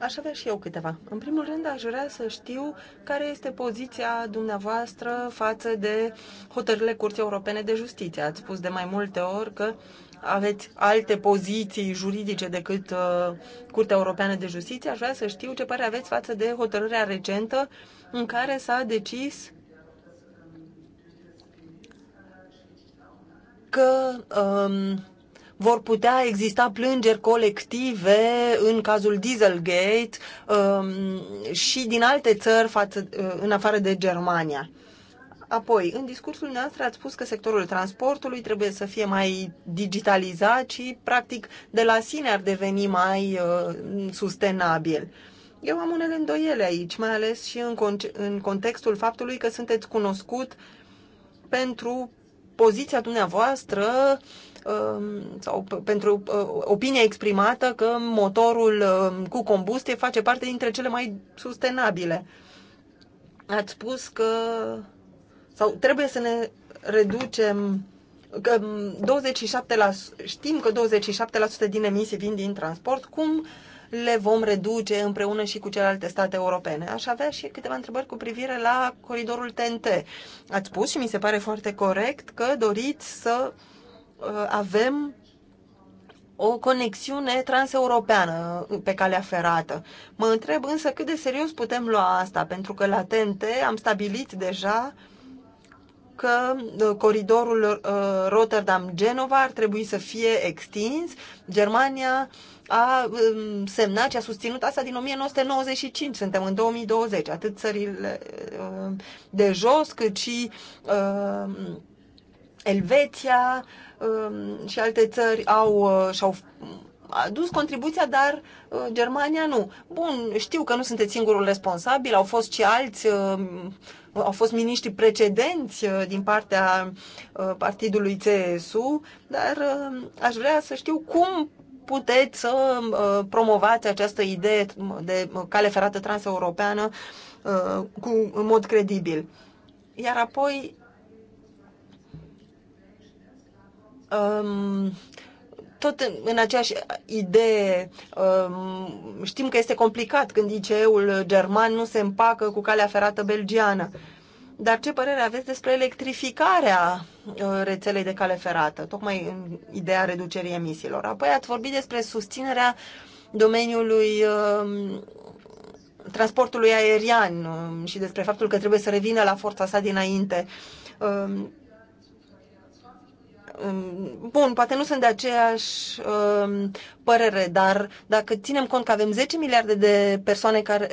Aș avea și eu câteva. În primul rând, aș vrea să știu care este poziția dumneavoastră față de hotărârile Curții Europene de Justiție. Ați spus de mai multe ori că aveți alte poziții juridice decât uh, Curtea Europeană de Justiție. Aș vrea să știu ce părere aveți față de hotărârea recentă uh, în care s-a decis că um, vor putea exista plângeri colective în cazul Dieselgate um, și din alte țări față, uh, în afară de Germania. Apoi, în discursul noastră ați spus că sectorul transportului trebuie să fie mai digitalizat și, practic, de la sine ar deveni mai uh, sustenabil. Uh, eu am unele îndoiele aici, mai ales și în, con- în contextul faptului că sunteți cunoscut pentru poziția dumneavoastră um, sau pentru uh, opinia exprimată că motorul um, cu combustie face parte dintre cele mai sustenabile. Ați spus că sau trebuie să ne reducem că 27%, um, știm că 27% din emisii vin din transport, cum uh, le vom reduce împreună și cu celelalte state europene. Aș avea și câteva întrebări cu privire la coridorul TNT. Ați spus și mi se pare foarte corect că doriți să uh, avem o conexiune transeuropeană pe calea ferată. Mă întreb însă cât de serios putem lua asta, pentru că la TNT am stabilit deja că uh, coridorul uh, Rotterdam-Genova ar trebui să fie extins. Germania a um, semnat și a susținut asta din 1995. Suntem în 2020, atât țările uh, de jos, cât și uh, Elveția um, și alte țări au uh, și-au adus contribuția, dar uh, Germania nu. Bun, știu că nu sunteți singurul responsabil, au fost și alți uh, au fost miniștri precedenți din partea partidului CSU, dar aș vrea să știu cum puteți să uh, promovați această idee de cale ferată transeuropeană uh, cu, în mod credibil. Iar apoi um, tot în, aceeași idee, um, știm că este complicat când ICE-ul german nu se împacă cu calea ferată belgiană. Uh, dar ce părere aveți despre electrificarea uh, rețelei de cale ferată, tocmai în ideea reducerii emisiilor? Apoi ați vorbit despre susținerea domeniului um, transportului aerian um, și despre faptul că trebuie să revină la forța sa dinainte. Um, bun, poate nu sunt de aceeași părere, dar dacă ținem cont că avem 10 miliarde de persoane care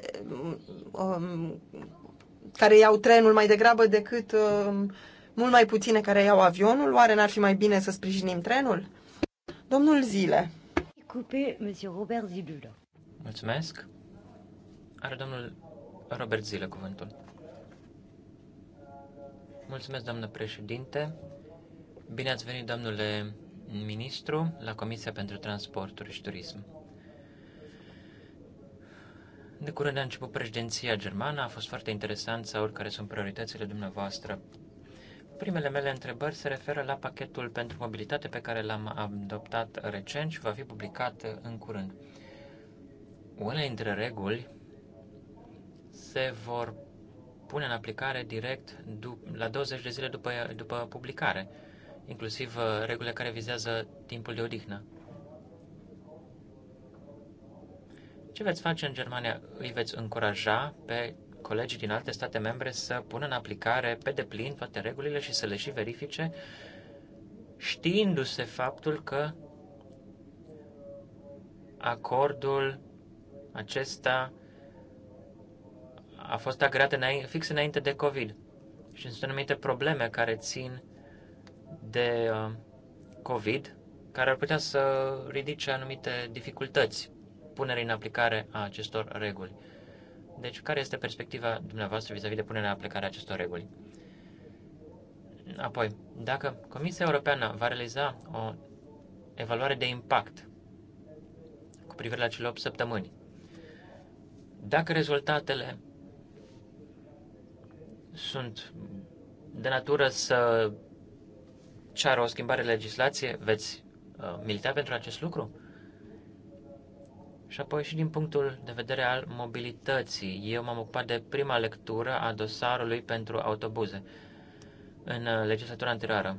care iau trenul mai degrabă decât um, mult mai puține care iau avionul? Oare n-ar fi mai bine să sprijinim trenul? Domnul Zile. Monsieur Robert Mulțumesc. Are domnul Robert Zile cuvântul. Mulțumesc, doamnă președinte. Bine ați venit, domnule ministru, la Comisia pentru Transporturi și Turism. De curând a început președinția germană, a fost foarte interesant să aud care sunt prioritățile dumneavoastră. Primele mele întrebări se referă la pachetul pentru mobilitate pe care l-am adoptat recent și va fi publicat în curând. Unele dintre reguli se vor pune în aplicare direct la 20 de zile după, după publicare, inclusiv uh, regulile care vizează timpul de odihnă. Ce veți face în Germania? Îi veți încuraja pe colegii din alte state membre să pună în aplicare pe deplin toate regulile și să le și verifice, știindu-se faptul că acordul acesta a fost agreat fix înainte de COVID. Și sunt anumite probleme care țin de uh, COVID, care ar putea să ridice anumite dificultăți punerea în aplicare a acestor reguli. Deci, care este perspectiva dumneavoastră vis-a-vis -vis de punerea în aplicare a acestor reguli? Apoi, dacă Comisia Europeană va realiza o evaluare de impact cu privire la cele 8 săptămâni, dacă rezultatele sunt de natură să ceară o schimbare legislație, veți uh, milita pentru acest lucru? Și apoi și din punctul de vedere al mobilității. Eu m-am ocupat de prima lectură a dosarului pentru autobuze în uh, legislatura anterioară.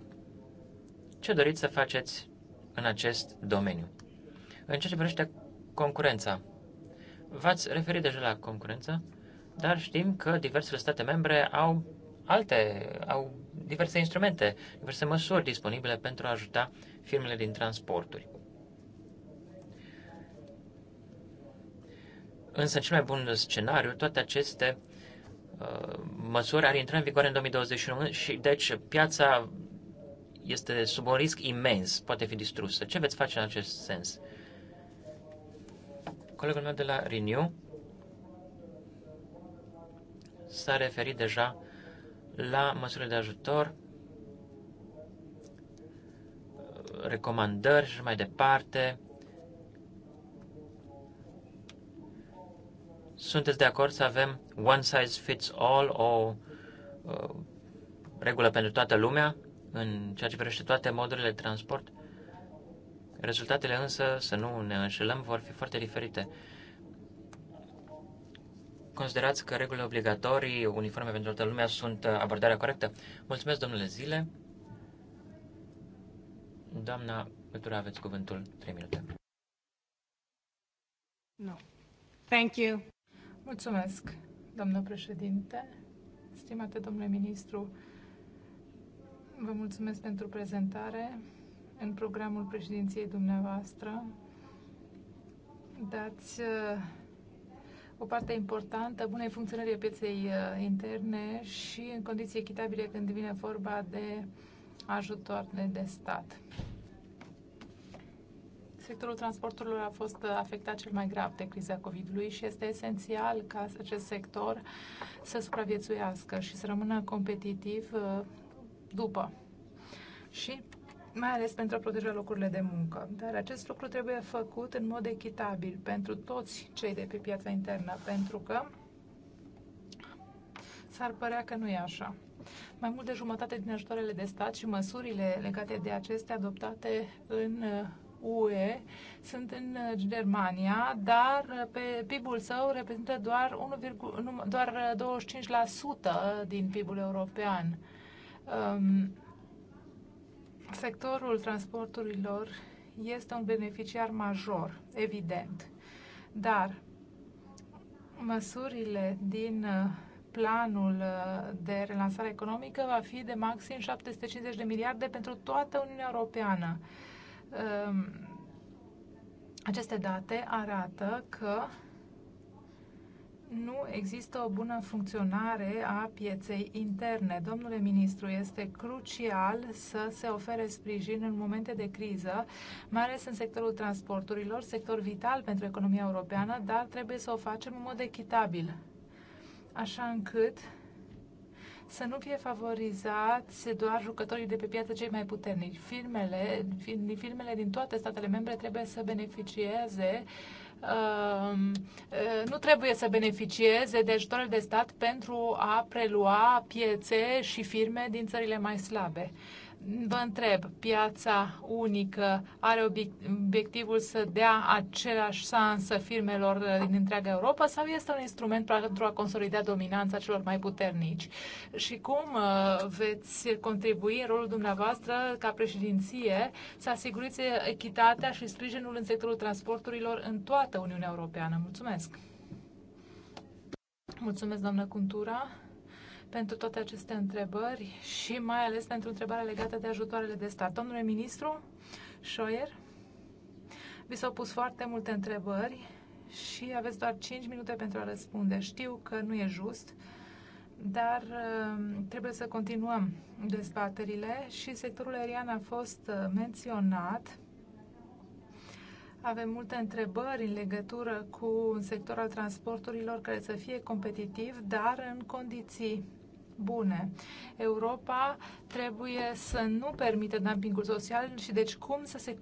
Ce doriți să faceți în acest domeniu? În ceea ce privește concurența, v-ați referit deja la concurență, dar știm că diversele state membre au alte, au diverse instrumente, diverse măsuri disponibile pentru a ajuta firmele din transporturi. Însă, cel mai bun scenariu, toate aceste uh, măsuri ar intra în vigoare în 2021 și, deci, piața este sub un risc imens, poate fi distrusă. Ce veți face în acest sens? Colegul meu de la Renew s-a referit deja la măsurile de ajutor, uh, recomandări și mai departe. Sunteți de acord să avem one size fits all, o uh, regulă pentru toată lumea în ceea ce privește toate modurile de transport? Rezultatele însă, să nu ne înșelăm, vor fi foarte diferite. Considerați că regulile obligatorii, uniforme pentru toată lumea, sunt uh, abordarea corectă? Mulțumesc, domnule Zile. Doamna Cultura, aveți cuvântul 3 minute. No. Thank you. Mulțumesc, doamnă președinte, stimate domnule ministru, vă mulțumesc pentru prezentare în programul președinției dumneavoastră. Dați uh, o parte importantă bunei a pieței uh, interne și în condiții echitabile când vine vorba de ajutoarele de stat. Sectorul transporturilor a fost uh, afectat cel mai grav de criza COVID-ului și este esențial ca acest sector să supraviețuiască și să rămână competitiv uh, după. Și mai ales pentru a proteja locurile de muncă. Dar acest lucru trebuie făcut în mod echitabil pentru toți cei de pe piața internă, pentru că s-ar părea că nu e așa. Mai mult de jumătate din ajutoarele de stat și măsurile legate de acestea adoptate în uh, UE sunt în uh, Germania, dar uh, pe PIB-ul său reprezintă doar, 1, doar 25% uh, din PIB-ul european. Um, sectorul transporturilor este un beneficiar major, evident, dar măsurile din planul de relansare economică va fi de maxim 750 de miliarde pentru toată Uniunea Europeană. Ehm, aceste date arată că nu există o bună funcționare a pieței interne. Domnule ministru, este crucial să se ofere sprijin în momente de criză, mai ales în sectorul transporturilor, sector vital pentru economia europeană, dar trebuie să o facem în mod echitabil, așa încât să nu fie favorizați doar jucătorii de pe piață cei mai puternici. Firmele, firmele din toate statele membre trebuie să beneficieze um, uh, nu trebuie să beneficieze de ajutorul de stat pentru a prelua piețe și firme din țările mai slabe. Vă întreb, piața unică are obiectivul să dea același șansă firmelor din întreaga Europa sau este un instrument pentru a consolida dominanța celor mai puternici? Și cum uh, veți contribui în rolul dumneavoastră ca președinție să asigurați echitatea și sprijinul în sectorul transporturilor în toată Uniunea Europeană? Mulțumesc! Mulțumesc, doamnă Cuntura! pentru toate aceste întrebări și mai ales pentru întrebarea legată de ajutoarele de stat. Domnule ministru Șoier, vi s-au pus foarte multe întrebări și aveți doar 5 minute pentru a răspunde. Știu că nu e just, dar uh, trebuie să continuăm dezbaterile și sectorul aerian a fost uh, menționat avem multe întrebări în legătură cu un sector al transporturilor care să fie competitiv, dar în condiții bune. Europa trebuie să nu permită dumpingul social și deci cum să se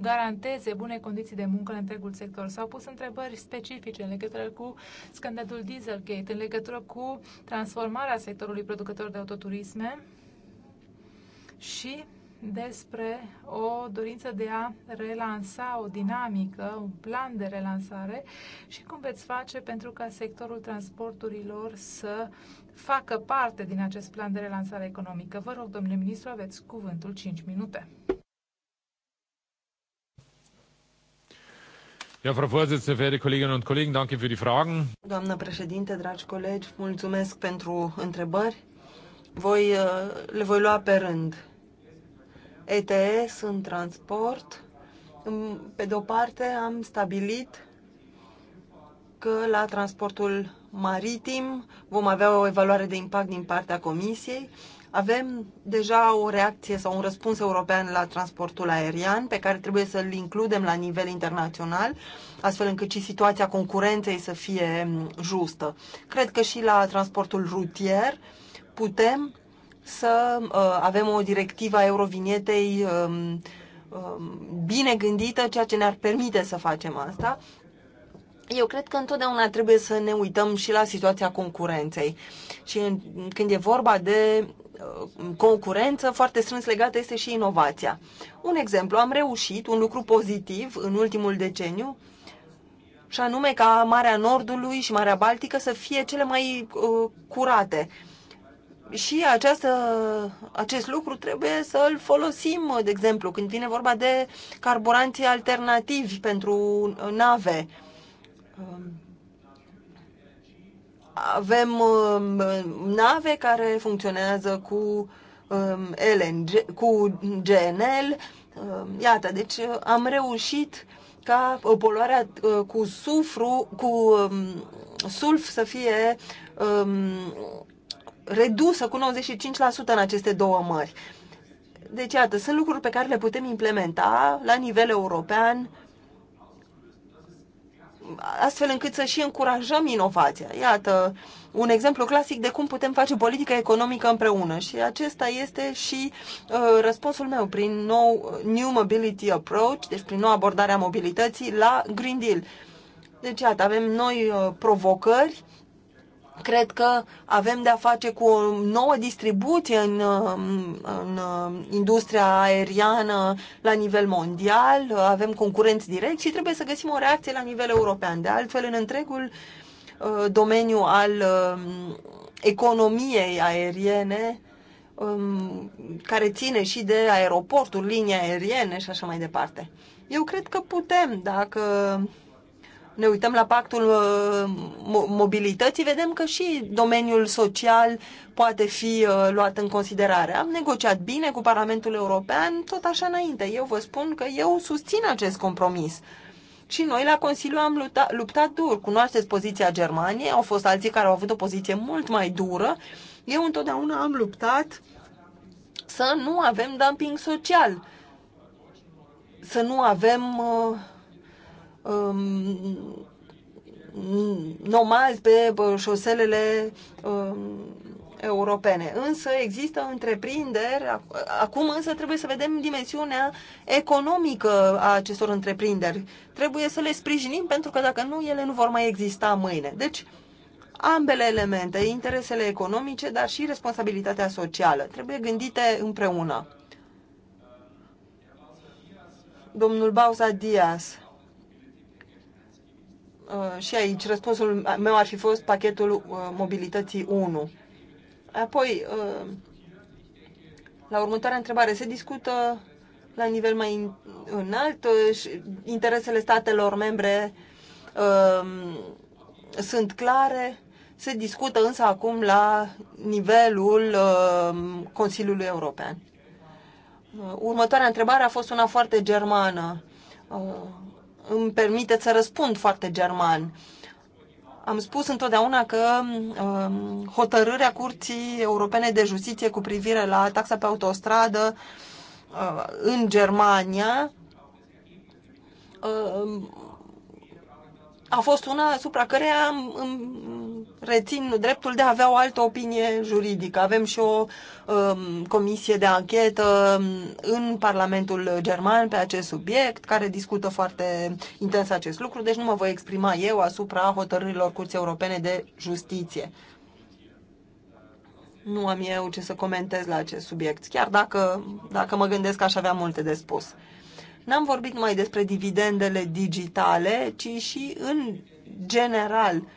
garanteze bune condiții de muncă în întregul sector. S-au pus întrebări specifice în legătură cu scandalul Dieselgate, în legătură cu transformarea sectorului producător de autoturisme și despre o dorință de a relansa o dinamică, un plan de relansare și cum veți face pentru ca sectorul transporturilor să facă parte din acest plan de relansare economică. Vă rog, domnule ministru, aveți cuvântul 5 minute. Ja, Frau Vorsitzende, verehrte Kolleginnen und Kollegen, danke für die Fragen. Doamnă președinte, dragi colegi, mulțumesc pentru întrebări. Voi, uh, le voi lua pe rând. ETS în transport. Pe de o parte am stabilit că la transportul maritim vom avea o evaluare de impact din partea Comisiei. Avem deja o reacție sau un răspuns european la transportul aerian pe care trebuie să-l includem la nivel internațional, astfel încât și situația concurenței să fie mm, justă. Cred că și la transportul rutier putem să uh, avem o directivă a Eurovinietei um, um, bine gândită, ceea ce ne-ar permite să facem asta. Eu cred că întotdeauna trebuie să ne uităm și la situația concurenței. Și în, când e vorba de uh, concurență, foarte strâns legată este și inovația. Un exemplu, am reușit un lucru pozitiv în ultimul deceniu, și anume ca Marea Nordului și Marea Baltică să fie cele mai uh, curate. Uh, și această, acest lucru trebuie să îl folosim, de exemplu, când vine vorba de carburanții alternativi pentru nave. Avem um, nave care funcționează cu um, LNG, cu GNL. Um, iată, deci uh, am reușit ca poluarea uh, cu sufru, cu sulf să fie redusă cu 95% în aceste două mări. Deci, iată, sunt lucruri pe care le putem implementa la nivel european, astfel încât să și încurajăm inovația. Iată, un exemplu clasic de cum putem face politică economică împreună și acesta este și uh, răspunsul meu prin nou New Mobility Approach, deci prin noua abordare a mobilității la Green Deal. Deci, iată, avem noi uh, provocări Cred că avem de-a face cu o nouă distribuție în, în industria aeriană la nivel mondial, avem concurenți direct și trebuie să găsim o reacție la nivel european. De altfel, în întregul uh, domeniu al um, economiei aeriene, um, care ține și de aeroporturi, linii aeriene și așa mai departe. Eu cred că putem, dacă ne uităm la pactul uh, mobilității, vedem că și domeniul social poate fi uh, luat în considerare. Am negociat bine cu Parlamentul European, tot așa înainte. Eu vă spun că eu susțin acest compromis. Și noi la Consiliu am luptat, luptat dur. Cunoașteți poziția Germaniei, au fost alții care au avut o poziție mult mai dură. Eu întotdeauna am luptat să nu avem dumping social, să nu avem uh, um, nomazi pe șoselele um, europene. Însă există întreprinderi, acum însă trebuie să vedem dimensiunea economică a acestor întreprinderi. Trebuie să le sprijinim pentru că dacă nu, ele nu vor mai exista mâine. Deci, ambele elemente, interesele economice, dar și responsabilitatea socială, trebuie gândite împreună. Domnul Bausa Diaz Uh, și aici răspunsul meu ar fi fost pachetul uh, mobilității 1. Apoi, uh, la următoarea întrebare, se discută la nivel mai înalt interesele statelor membre um, sunt clare, se discută însă acum la nivelul um, Consiliului European. Următoarea întrebare a fost una foarte germană îmi permiteți să răspund foarte german. Am spus întotdeauna că um, hotărârea Curții Europene de Justiție cu privire la taxa pe autostradă uh, în Germania uh, um, a fost una asupra care am, rețin dreptul de a avea o altă opinie juridică. Avem și o um, comisie de anchetă um, în Parlamentul German pe acest subiect, care discută foarte intens acest lucru, deci nu mă voi exprima eu asupra hotărârilor Curții Europene de Justiție. Nu am eu ce să comentez la acest subiect, chiar dacă, dacă mă gândesc că aș avea multe de spus. N-am vorbit numai despre dividendele digitale, ci și în general uh,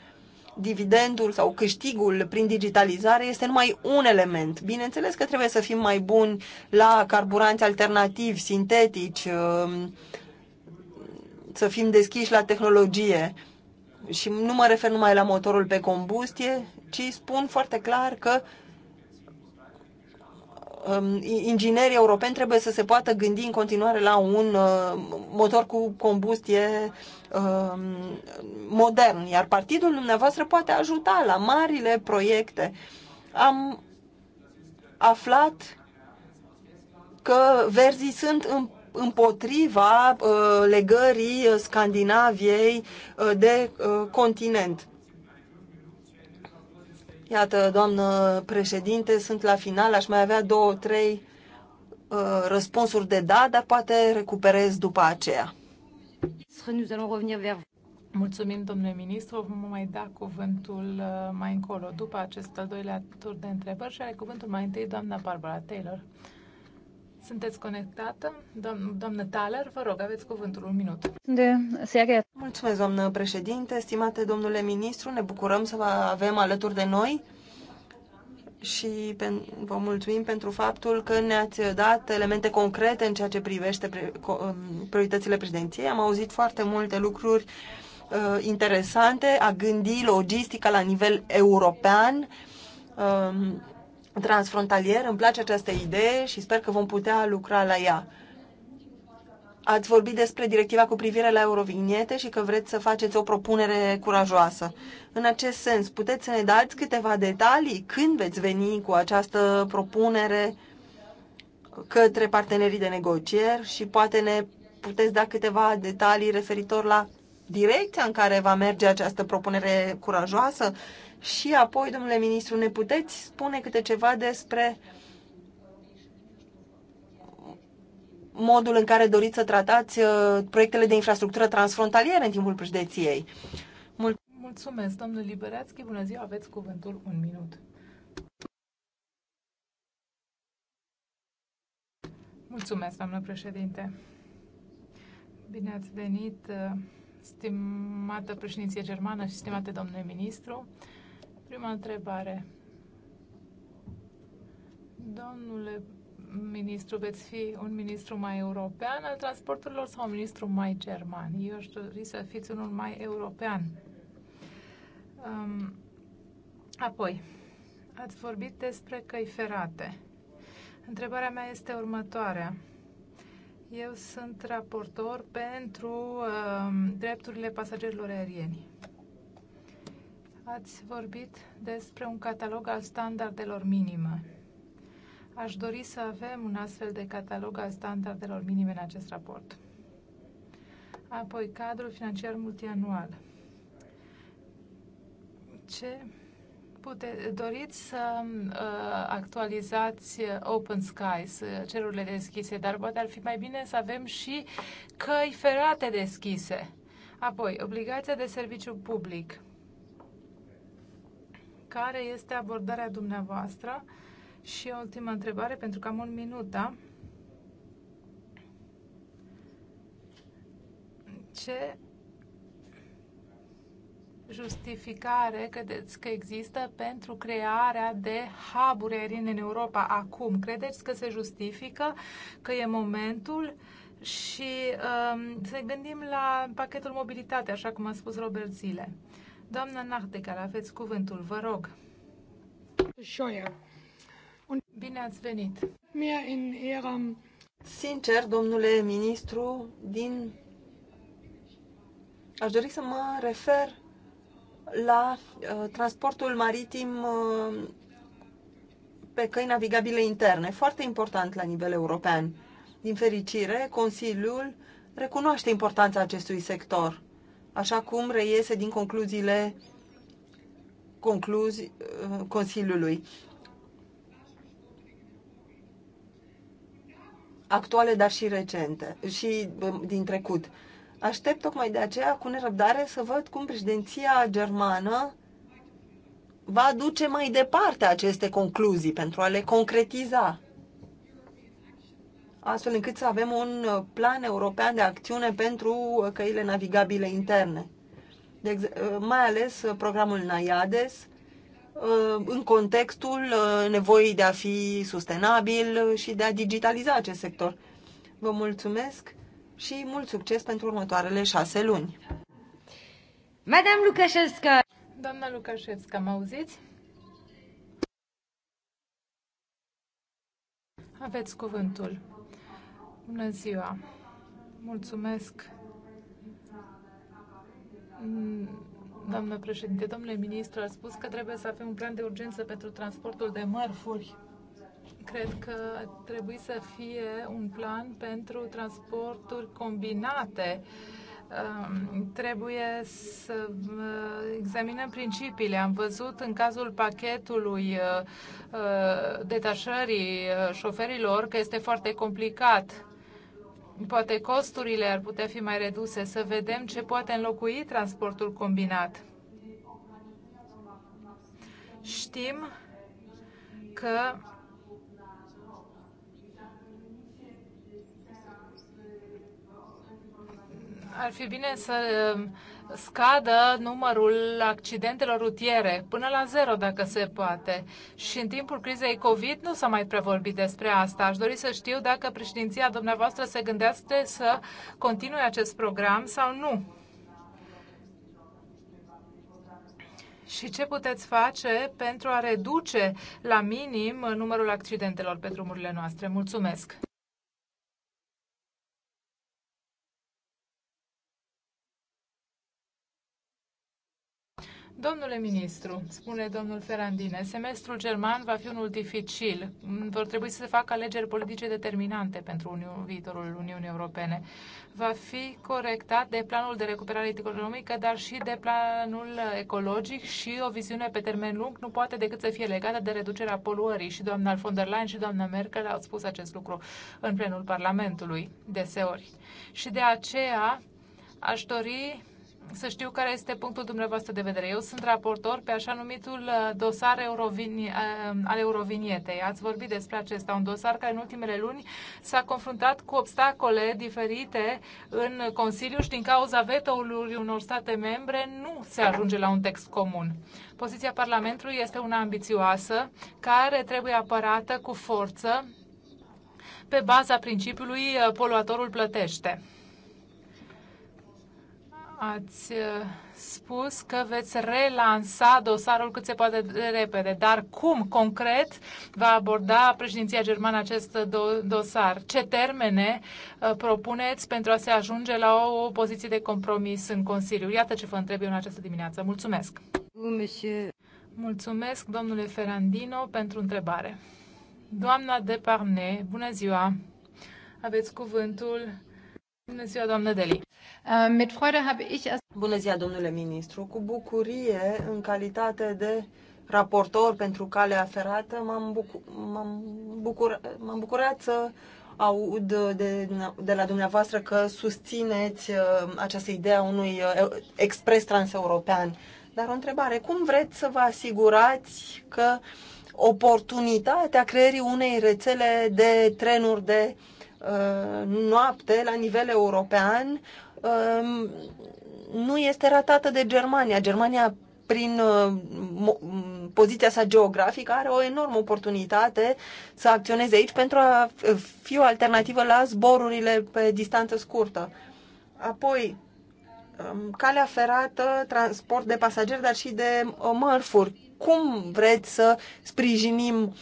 dividendul sau câștigul prin digitalizare este numai un element. Bineînțeles că trebuie să fim mai buni la carburanți alternativi, sintetici, um, să fim deschiși la tehnologie. Și nu mă refer numai la motorul pe combustie, ci spun foarte clar că um, inginerii europeni trebuie să se poată gândi în continuare la un uh, motor cu combustie Um, modern, iar partidul dumneavoastră poate ajuta la marile proiecte. Am aflat că verzii sunt în împotriva uh, legării Scandinaviei uh, de uh, continent. Iată, doamnă președinte, sunt la final, aș mai avea două, trei uh, răspunsuri de da, dar poate recuperez după aceea. Mulțumim, domnule ministru. Vom mai da cuvântul uh, mai încolo, după acest al doilea tur de întrebări și are cuvântul mai întâi doamna Barbara Taylor. Sunteți conectată? Doam doamnă Taylor, vă rog, aveți cuvântul un minut. De serie. Mulțumesc, doamnă președinte, stimate domnule ministru, ne bucurăm să vă avem alături de noi și vă mulțumim pentru faptul că ne-ați dat elemente concrete în ceea ce privește um, prioritățile președinției. Am auzit foarte multe lucruri uh, interesante, a gândi logistica la nivel european, um, transfrontalier. Îmi place această idee și sper că vom putea lucra la ea. Ați vorbit despre directiva cu privire la eurovignete și că vreți să faceți o propunere curajoasă. În acest sens, puteți să ne dați câteva detalii când veți veni cu această propunere către partenerii de negocieri și poate ne puteți da câteva detalii referitor la direcția în care va merge această propunere curajoasă și apoi, domnule ministru, ne puteți spune câte ceva despre uh, modul în care doriți să tratați uh, proiectele de infrastructură transfrontaliere în timpul președinției. Mul- Mulțumesc, domnul Liberațchi. Bună ziua, aveți cuvântul un minut. Mulțumesc, doamnă președinte. Bine ați venit, uh, stimată președinție germană și stimate domnule ministru. Prima întrebare. Domnule ministru, veți fi un ministru mai european al transporturilor sau un ministru mai german? Eu aș dori să fiți unul mai european. Um, apoi, ați vorbit despre căi ferate. Întrebarea mea este următoarea. Eu sunt raportor pentru um, drepturile pasagerilor aerieni. Ați vorbit despre un catalog al standardelor minime Aș dori să avem un astfel de catalog al standardelor minime în acest raport. Apoi, cadrul financiar multianual. Ce pute, doriți să uh, actualizați Open Skies, cerurile deschise, dar poate ar fi mai bine să avem și căi ferate deschise. Apoi, obligația de serviciu public. Care este abordarea dumneavoastră uh, și o ultimă întrebare, pentru că am un minut, da? Ce justificare credeți că există pentru crearea de hub-uri aeriene în Europa acum? Credeți că se justifică, că e momentul și um, să ne gândim la pachetul mobilitate, așa cum a spus Robert Zile. Doamna Nachtegal, aveți cuvântul, vă rog. Șoia. Bine ați venit! Mie în eram... Sincer, domnule ministru, din... Aș dori să mă refer la uh, transportul maritim uh, pe căi navigabile interne, foarte important la nivel european. Din fericire, Consiliul recunoaște importanța acestui sector, așa cum reiese din concluziile concluzi, uh, Consiliului. actuale, dar și recente, și din trecut. Aștept tocmai de aceea cu nerăbdare să văd cum președinția germană va aduce mai departe aceste concluzii pentru a le concretiza, astfel încât să avem un uh, plan european de acțiune pentru uh, căile navigabile interne. De, uh, mai ales programul Naiades Uh, în contextul uh, nevoii de a fi sustenabil și de a digitaliza acest sector. Vă mulțumesc și mult succes pentru următoarele șase luni. Madame Lukașevska! Doamna Lukașevska, mă auziți? Aveți cuvântul. Bună ziua! Mulțumesc! Doamnă președinte, domnule ministru, a spus că trebuie să avem un plan de urgență pentru transportul de mărfuri. Cred că trebuie să fie un plan pentru transporturi combinate. Um, trebuie să uh, examinăm principiile. Am văzut în cazul pachetului uh, uh, detașării șoferilor că este foarte complicat Poate costurile ar putea fi mai reduse, să vedem ce poate înlocui transportul combinat. Știm că ar fi bine să scadă numărul accidentelor rutiere până la zero, dacă se poate. Și în timpul crizei COVID nu s-a mai prea vorbit despre asta. Aș dori să știu dacă președinția dumneavoastră se gândește să continue acest program sau nu. Și ce puteți face pentru a reduce la minim numărul accidentelor pe drumurile noastre? Mulțumesc! Domnule ministru, spune domnul Ferandine, semestrul german va fi unul dificil. Vor trebui să se facă alegeri politice determinante pentru Uni viitorul Uniunii Europene. Va fi corectat de planul de recuperare economică, dar și de planul ecologic și o viziune pe termen lung nu poate decât să fie legată de reducerea poluării. Și doamna von der Leyen și doamna Merkel au spus acest lucru în plenul Parlamentului deseori. Și de aceea aș dori să știu care este punctul dumneavoastră de vedere. Eu sunt raportor pe așa numitul uh, dosar Eurovini, uh, al Eurovinietei. Ați vorbit despre acesta, un dosar care în ultimele luni s-a confruntat cu obstacole diferite în Consiliu și din cauza vetoului unor state membre nu se ajunge la un text comun. Poziția Parlamentului este una ambițioasă, care trebuie apărată cu forță pe baza principiului uh, poluatorul plătește. Ați uh, spus că veți relansa dosarul cât se poate de repede, dar cum concret va aborda președinția germană acest do- dosar? Ce termene uh, propuneți pentru a se ajunge la o poziție de compromis în Consiliu? Iată ce vă întreb eu în această dimineață. Mulțumesc! Mulțumesc, domnule Ferandino, pentru întrebare. Doamna Deparne, bună ziua! Aveți cuvântul Bună ziua, doamnă Deli. Uh, Mit Freude habe ich Bună ziua, domnule ministru. Cu bucurie, în calitate de raportor pentru calea ferată, m-am, bucu- m-am, bucur- m-am bucurat să aud de, de la dumneavoastră că susțineți uh, această idee a unui uh, expres transeuropean. Dar o întrebare, cum vreți să vă asigurați că oportunitatea creierii unei rețele de trenuri de uh, Uh, noapte la nivel european um, nu este ratată de Germania. Germania, prin uh, poziția sa geografică, are o enormă oportunitate să acționeze aici pentru a fi o alternativă la zborurile pe distanță scurtă. Apoi, um, calea ferată, transport de pasageri, dar și de uh, mărfuri. Cum vreți să sprijinim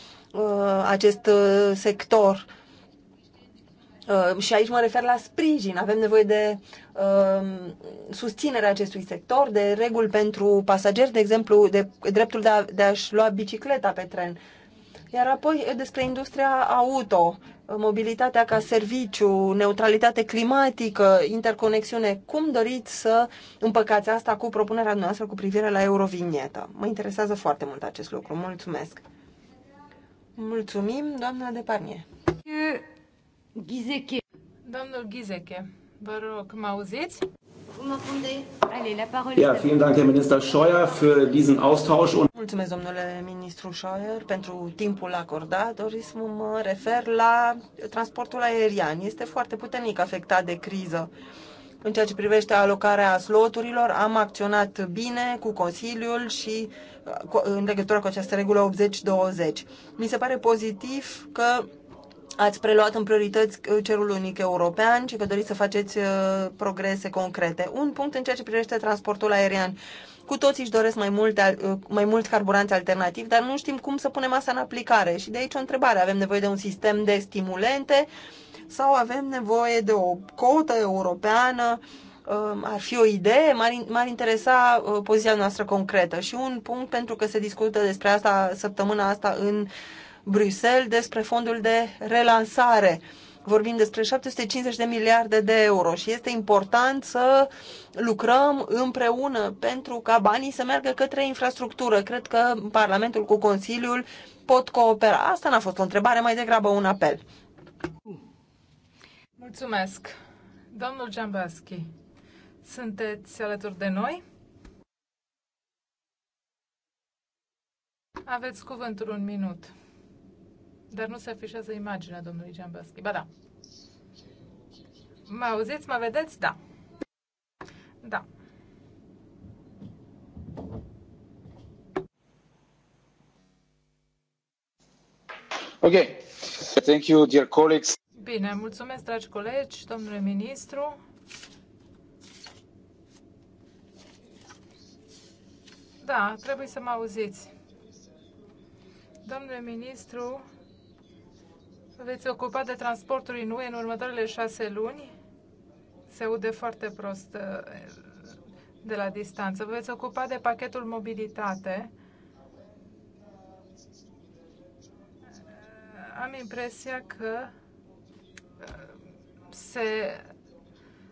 acest sector? Uh, și aici mă refer la sprijin. Avem nevoie de uh, susținerea acestui sector, de reguli pentru pasageri, de exemplu, de dreptul de, a, de a-și lua bicicleta pe tren. Iar apoi despre industria auto, mobilitatea ca serviciu, neutralitate climatică, interconexiune. Cum doriți să împăcați asta cu propunerea noastră cu privire la Eurovignetă? Mă interesează foarte mult acest lucru. Mulțumesc! Mulțumim, doamna Deparnie! Ghizeche. Domnul Ghizeche, vă rog, mă auziți? Ja, vielen Dank, Herr Minister Scheuer, für diesen Austausch. Und Mulțumesc, domnule ministru Scheuer, pentru timpul acordat. Doriți să mă refer la transportul aerian. Este foarte puternic afectat de criză. În ceea ce privește alocarea sloturilor, am acționat bine cu Consiliul și uh, în legătură cu această regulă 80-20. Mi se pare pozitiv că ați preluat în priorități uh, cerul unic european și că doriți să faceți uh, progrese concrete. Un punct în ceea ce privește transportul aerian. Cu toții își doresc mai, multe, uh, mai mulți carburanți alternativi, dar nu știm cum să punem asta în aplicare. Și de aici o întrebare. Avem nevoie de un sistem de stimulente sau avem nevoie de o cotă europeană? Um, ar fi o idee? M-ar interesa poziția noastră concretă. Și un punct, pentru că se discută despre asta săptămâna asta în uh, Bruxelles despre fondul de relansare. Vorbim despre 750 de miliarde de euro și este important să lucrăm împreună pentru ca banii să meargă către infrastructură. Cred că Parlamentul cu Consiliul pot coopera. Asta n-a fost o întrebare, mai degrabă un apel. Mulțumesc. Domnul Giambaschi, sunteți alături de noi? Aveți cuvântul un minut. Dar nu se afișează imaginea domnului Giambaschi. Ba da. Mă auziți? Mă vedeți? Da. Da. Ok. Thank you, dear colleagues. Bine, mulțumesc, dragi colegi, domnule ministru. Da, trebuie să mă auziți. Domnule ministru, veți ocupa de transporturi în UE în următoarele șase luni? Se aude foarte prost uh, de la distanță. Vă veți ocupa de pachetul mobilitate. Uh, am impresia că uh, se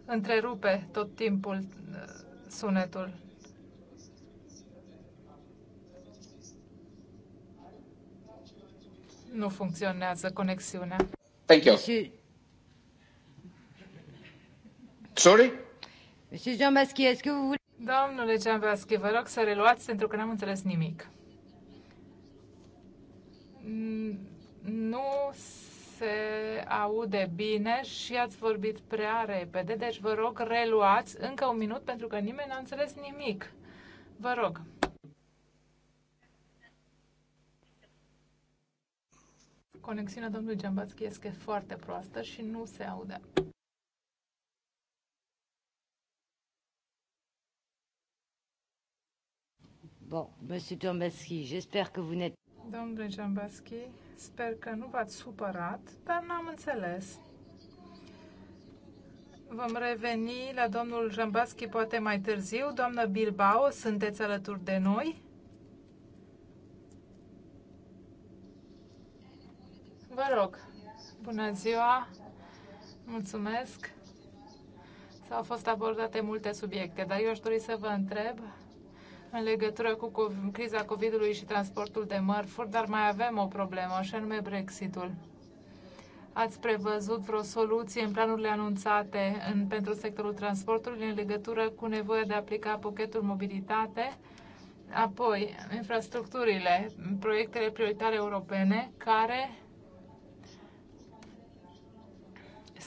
întrerupe tot timpul sunetul. Nu funcționează conexiunea. Thank you. Și... Sorry? Și Jean Baschiescu, Domnule Jean Baschi, vă rog să reluați pentru că n-am înțeles nimic. Nu se aude bine și ați vorbit prea repede, deci vă rog reluați încă un minut pentru că nimeni n-a înțeles nimic. Vă rog. Conexiunea domnului Giambatski este foarte proastă și nu se aude. Bon, monsieur Giambatski, j'espère que vous n'êtes... Domnule Giambatski, sper că nu v-ați supărat, dar n-am înțeles. Vom reveni la domnul Jambaschi poate mai târziu. Doamnă Bilbao, sunteți alături de noi? Vă rog, bună ziua, mulțumesc. S-au fost abordate multe subiecte, dar eu aș dori să vă întreb în legătură cu criza COVID-ului și transportul de mărfuri, dar mai avem o problemă, și anume Brexitul. Ați prevăzut vreo soluție în planurile anunțate în, pentru sectorul transportului în legătură cu nevoia de a aplica pochetul mobilitate, apoi infrastructurile, proiectele prioritare europene, care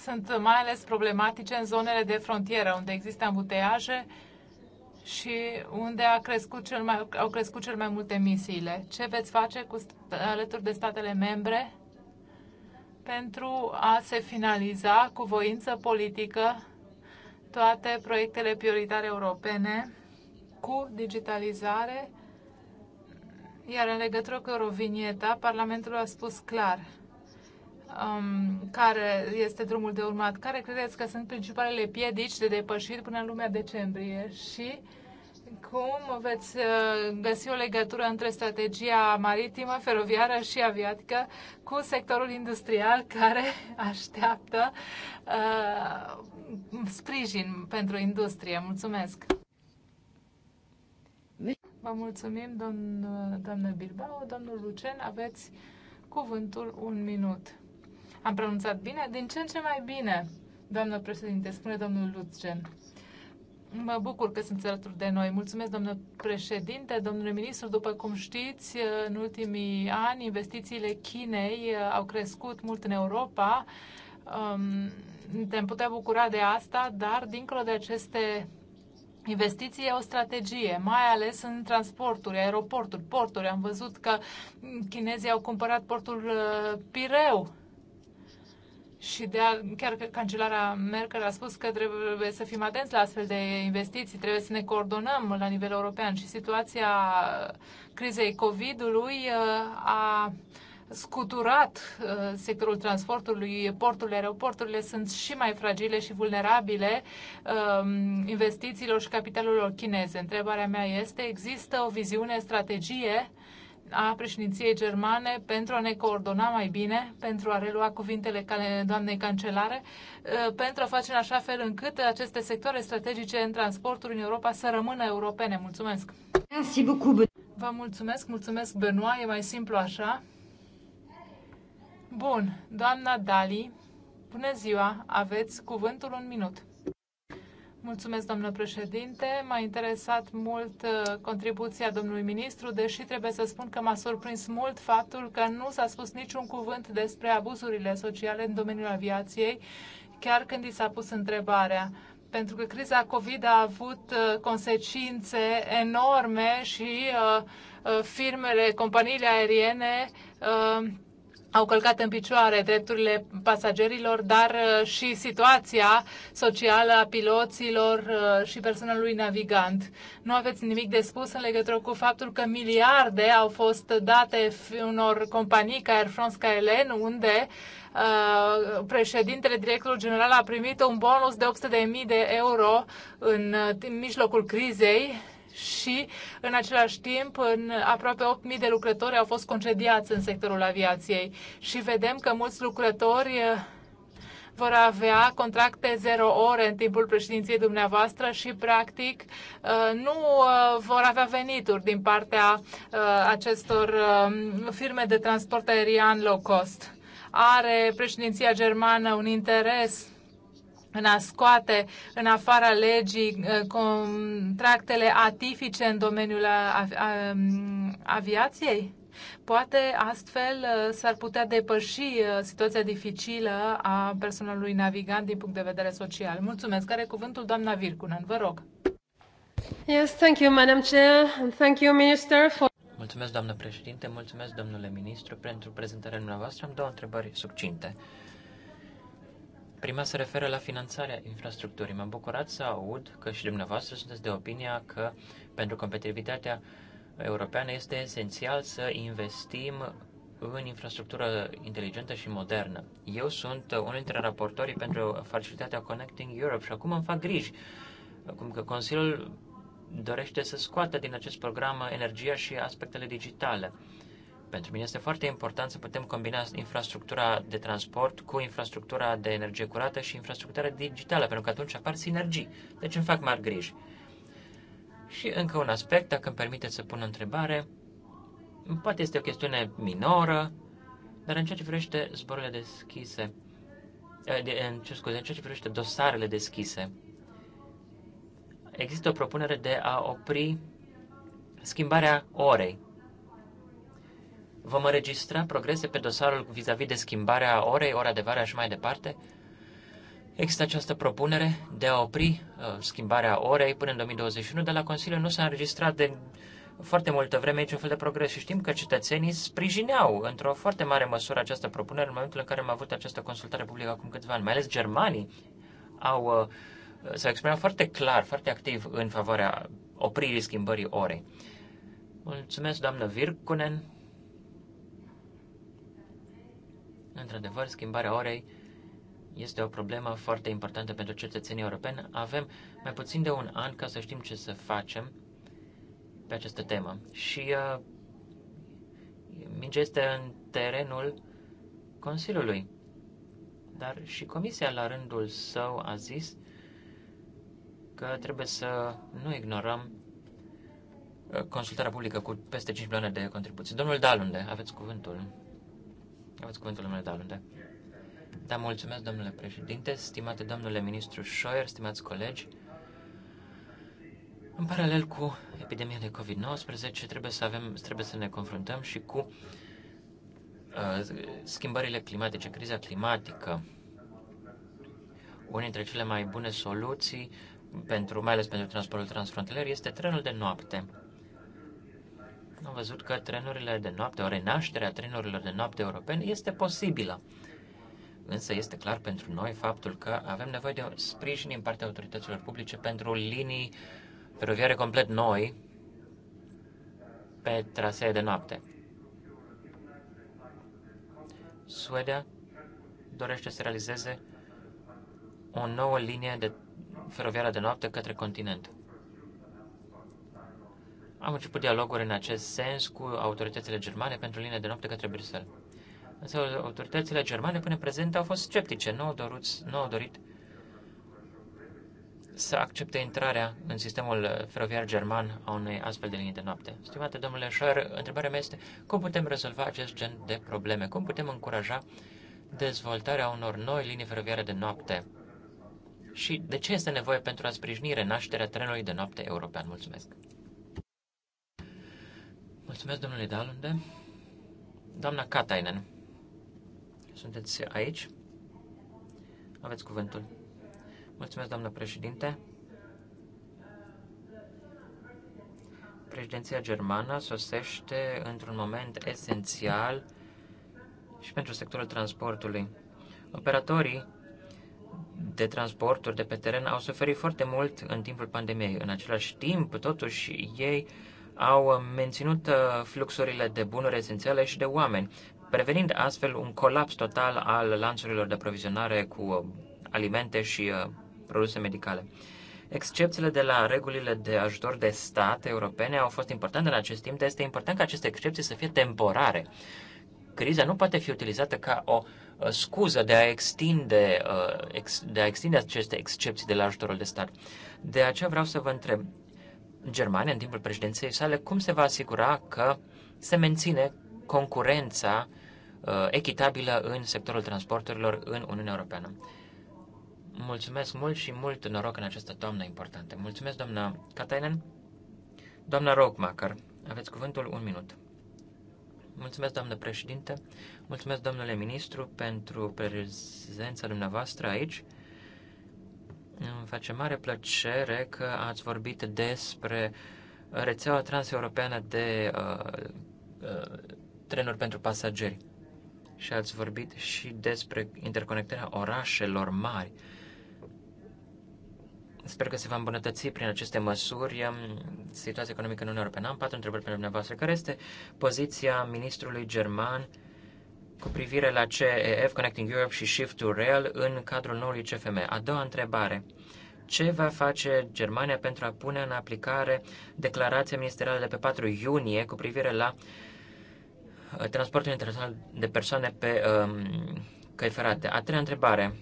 sunt mai ales problematice în zonele de frontieră, unde există ambuteiaje și unde a crescut cel mai, au crescut cel mai multe misiile. Ce veți face cu, alături de statele membre pentru a se finaliza cu voință politică toate proiectele prioritare europene cu digitalizare? Iar în legătură cu Eurovinieta, Parlamentul a spus clar – um, care este drumul de urmat? Care credeți că sunt principalele piedici de depășit până în lumea decembrie? Și cum veți uh, găsi o legătură între strategia maritimă, feroviară și aviatică cu sectorul industrial care *laughs* așteaptă uh, sprijin pentru industrie? Mulțumesc! Vă mulțumim, domn, doamnă Bilbao. Domnul Lucen, aveți cuvântul un minut. Am pronunțat bine? Din ce în ce mai bine, doamnă președinte, spune domnul Lutgen. Mă bucur că sunt alături de noi. Mulțumesc, domnule președinte, domnule ministru. După cum știți, în ultimii ani, investițiile Chinei uh, au crescut mult în Europa. Um, ne putea bucura de asta, dar, dincolo de aceste Investiții e o strategie, mai ales în transporturi, aeroporturi, porturi. Am văzut că chinezii au cumpărat portul uh, Pireu și de a, chiar că cancelara Merkel a spus că trebuie să fim atenți la astfel de investiții, trebuie să ne coordonăm la nivel european și situația crizei COVID-ului uh, a scuturat uh, sectorul transportului, porturile, aeroporturile sunt și mai fragile și vulnerabile um, investițiilor și capitalurilor chineze. Întrebarea mea este, există o viziune, strategie a președinției germane pentru a ne coordona mai bine, pentru a relua cuvintele doamnei cancelare, ă, pentru a face în așa fel încât aceste sectoare strategice în transporturi în Europa să rămână europene. Mulțumesc! Merci Vă mulțumesc, mulțumesc, Benoit, e mai simplu așa. Bun, doamna Dali, bună ziua, aveți cuvântul un minut. Mulțumesc, domnule președinte. M-a interesat mult uh, contribuția domnului ministru, deși trebuie să spun că m-a surprins mult faptul că nu s-a spus niciun cuvânt despre abuzurile sociale în domeniul aviației, chiar când i s-a pus întrebarea pentru că criza COVID a avut uh, consecințe enorme și uh, firmele, companiile aeriene au călcat în picioare drepturile pasagerilor, dar uh, și situația socială a piloților uh, și personalului navigant. Nu aveți nimic de spus în legătură cu faptul că miliarde au fost date unor companii ca Air France, ca Elen, unde uh, președintele, directorul general a primit un bonus de 800.000 de euro în, uh, în mijlocul crizei și, în același timp, în aproape 8.000 de lucrători au fost concediați în sectorul aviației. Și vedem că mulți lucrători eh, vor avea contracte zero ore în timpul președinției dumneavoastră și, practic, eh, nu eh, vor avea venituri din partea acestor firme de transport aerian low cost. Are președinția germană un interes în a scoate în afara legii uh, contractele atifice în domeniul um, aviației? Poate astfel uh, s-ar putea depăși uh, situația dificilă a personalului navigant din punct de vedere social. Mulțumesc. Care cuvântul doamna Virkunen? Vă rog. Yes, thank you, Madam Chair, and thank you, Minister, for... Mulțumesc, doamnă președinte, mulțumesc, domnule ministru, pentru prezentarea dumneavoastră. Am două întrebări succinte. Prima se referă la finanțarea infrastructurii. M-am bucurat să aud că și dumneavoastră sunteți de opinia că pentru competitivitatea europeană este esențial să investim în infrastructură inteligentă și modernă. Eu sunt unul dintre raportorii pentru facilitatea Connecting Europe și acum îmi fac griji. Cum că Consiliul dorește să scoată din acest program energia și aspectele digitale. Pentru mine este foarte important să putem combina infrastructura de transport cu infrastructura de energie curată și infrastructura digitală, pentru că atunci apar sinergii. Deci îmi fac mari griji. Și încă un aspect, dacă îmi permiteți să pun o întrebare, poate este o chestiune minoră, dar în ceea ce privește zborurile deschise, eh, eh, în, ce scuze, în ceea ce privește dosarele deschise, există o propunere de a opri schimbarea orei Vom înregistra progrese pe dosarul vis-a-vis -vis de schimbarea orei, ora de vară și mai departe. Există această propunere de a opri uh, schimbarea orei până în 2021, dar la Consiliu nu s-a înregistrat de foarte multă vreme niciun fel de progres și știm că cetățenii sprijineau într-o foarte mare măsură această propunere în momentul în care am avut această consultare publică acum câțiva ani. Mai ales germanii au, uh, s-au exprimat foarte clar, foarte activ în favoarea opririi schimbării orei. Mulțumesc, doamnă Virkunen. Într-adevăr, schimbarea orei este o problemă foarte importantă pentru cetățenii europeni. Avem mai puțin de un an ca să știm ce să facem pe această temă. Și uh, mingea este în terenul Consiliului. Dar și Comisia, la rândul său, a zis că trebuie să nu ignorăm uh, consultarea publică cu peste 5 milioane de contribuții. Domnul Dalunde, aveți cuvântul. Aveți cuvântul meu, da, da. Da, mulțumesc, domnule președinte, stimate domnule ministru Scheuer, stimați colegi. În paralel cu epidemia de COVID-19, trebuie să, avem, trebuie să ne confruntăm și cu uh, schimbările climatice, criza climatică. Una dintre cele mai bune soluții, pentru, mai ales pentru transportul transfrontalier, este trenul de noapte am văzut că trenurile de noapte, o renaștere a trenurilor de noapte europene este posibilă. Însă este clar pentru noi faptul că avem nevoie de sprijin din partea autorităților publice pentru linii feroviare complet noi pe trasee de noapte. Suedia dorește să realizeze o nouă linie de feroviară de noapte către continent. Am început dialoguri în acest sens cu autoritățile germane pentru linia de noapte către Bruxelles. Însă autoritățile germane până în prezent au fost sceptice, nu au, dorut, nu au dorit să accepte intrarea în sistemul feroviar german a unei astfel de linii de noapte. Stimate domnule Șoar, întrebarea mea este cum putem rezolva acest gen de probleme? Cum putem încuraja dezvoltarea unor noi linii feroviare de noapte? Și de ce este nevoie pentru a sprijini renașterea trenului de noapte european? Mulțumesc! Mulțumesc, domnule Dalunde. Doamna Katainen, sunteți aici? Aveți cuvântul. Mulțumesc, doamnă președinte. Președinția germană sosește într-un moment esențial și pentru sectorul transportului. Operatorii de transporturi de pe teren au suferit foarte mult în timpul pandemiei. În același timp, totuși, ei au uh, menținut uh, fluxurile de bunuri esențiale și de oameni, prevenind astfel un colaps total al lanțurilor de aprovizionare cu uh, alimente și produse medicale. Excepțiile de la regulile de ajutor de stat europene au fost importante în acest timp, dar este important ca aceste excepții să fie temporare. Criza nu poate fi utilizată ca o scuză de a extinde, de a extinde aceste excepții de la ajutorul de stat. De aceea vreau să vă întreb, Germania în timpul președinției sale, cum se va asigura că se menține concurența uh, echitabilă în sectorul transporturilor în Uniunea Europeană. Mulțumesc mult și mult noroc în această toamnă importantă. Mulțumesc, doamna Katainen. Doamna Rockmacher, aveți cuvântul un minut. Mulțumesc, doamnă președinte. Mulțumesc, domnule ministru, pentru prezența dumneavoastră aici. Îmi face mare plăcere că ați vorbit despre rețeaua transeuropeană de uh, uh, trenuri pentru pasageri și ați vorbit și despre interconectarea orașelor mari. Sper că se va îmbunătăți prin aceste măsuri um, situația economică în Uniunea Europeană. Am patru întrebări pentru dumneavoastră. Care este poziția ministrului german uh, cu privire la CEF, Connecting Europe și Shift to Rail în cadrul noului CFM. A doua întrebare. Ce va face Germania pentru a pune în aplicare declarația ministerială de pe 4 iunie cu privire la uh, transportul internațional de persoane pe um, căi ferate? A treia întrebare.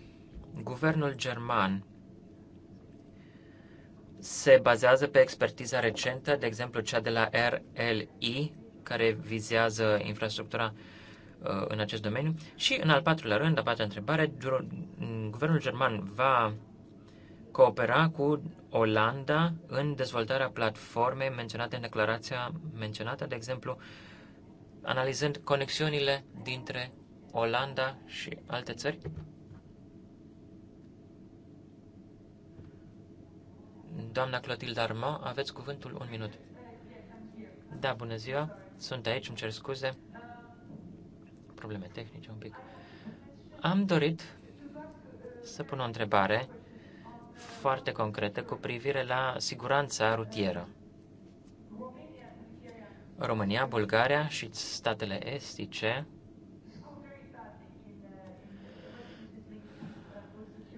Guvernul german se bazează pe expertiza recentă, de exemplu cea de la RLI, care vizează infrastructura uh, Uh, în acest domeniu. Și, în al patrulea rând, a patra întrebare, guvernul german va coopera cu Olanda în dezvoltarea platformei menționate în declarația menționată, de exemplu, analizând conexiunile dintre Olanda și alte țări? Doamna Clotilde Armand, aveți cuvântul un minut. Da, bună ziua, sunt aici, îmi cer scuze probleme tehnice un pic. Am dorit să pun o întrebare foarte concretă cu privire la siguranța rutieră. România, Bulgaria și statele estice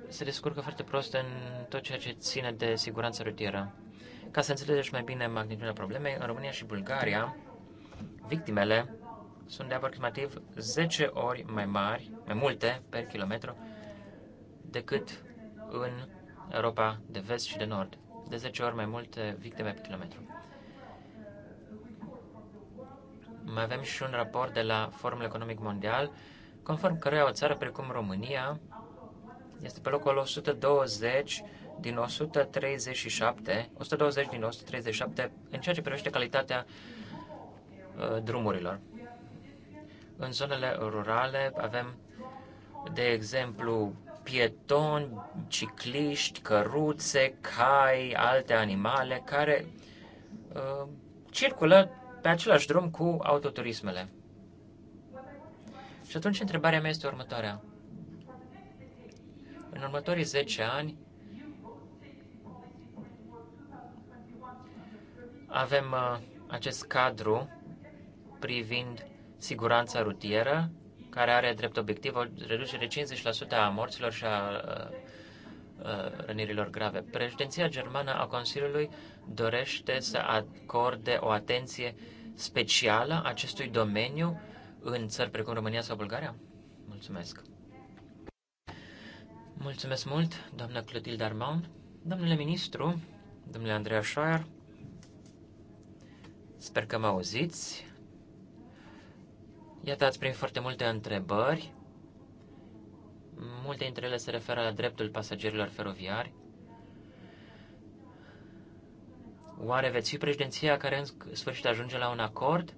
se descurcă foarte prost în tot ceea ce ține de siguranța rutieră. Ca să înțelegeți mai bine magnitudinea problemei, în România și Bulgaria, victimele sunt de aproximativ 10 ori mai mari, mai multe per kilometru, decât în Europa de vest și de nord. De 10 ori mai multe victime pe kilometru. Mai avem și un raport de la Forumul Economic Mondial, conform căruia o țară precum România este pe locul 120 din 137, 120 din 137 în ceea ce privește calitatea uh, drumurilor. În zonele rurale avem, de exemplu, pietoni, cicliști, căruțe, cai, alte animale care uh, circulă pe același drum cu autoturismele. Și atunci întrebarea mea este următoarea. În următorii 10 ani avem uh, acest cadru privind siguranța rutieră, care are drept obiectiv o reducere de 50% a morților și a uh, uh, rănirilor grave. Președinția germană a Consiliului dorește să acorde o atenție specială acestui domeniu în țări precum România sau Bulgaria? Mulțumesc! Mulțumesc mult, doamna Clotilde Armand, domnule ministru, domnule Andreea Scheuer, sper că mă auziți. Iată, ați primit foarte multe întrebări. Multe dintre ele se referă la dreptul pasagerilor feroviari. Oare veți fi președinția care în sfârșit ajunge la un acord?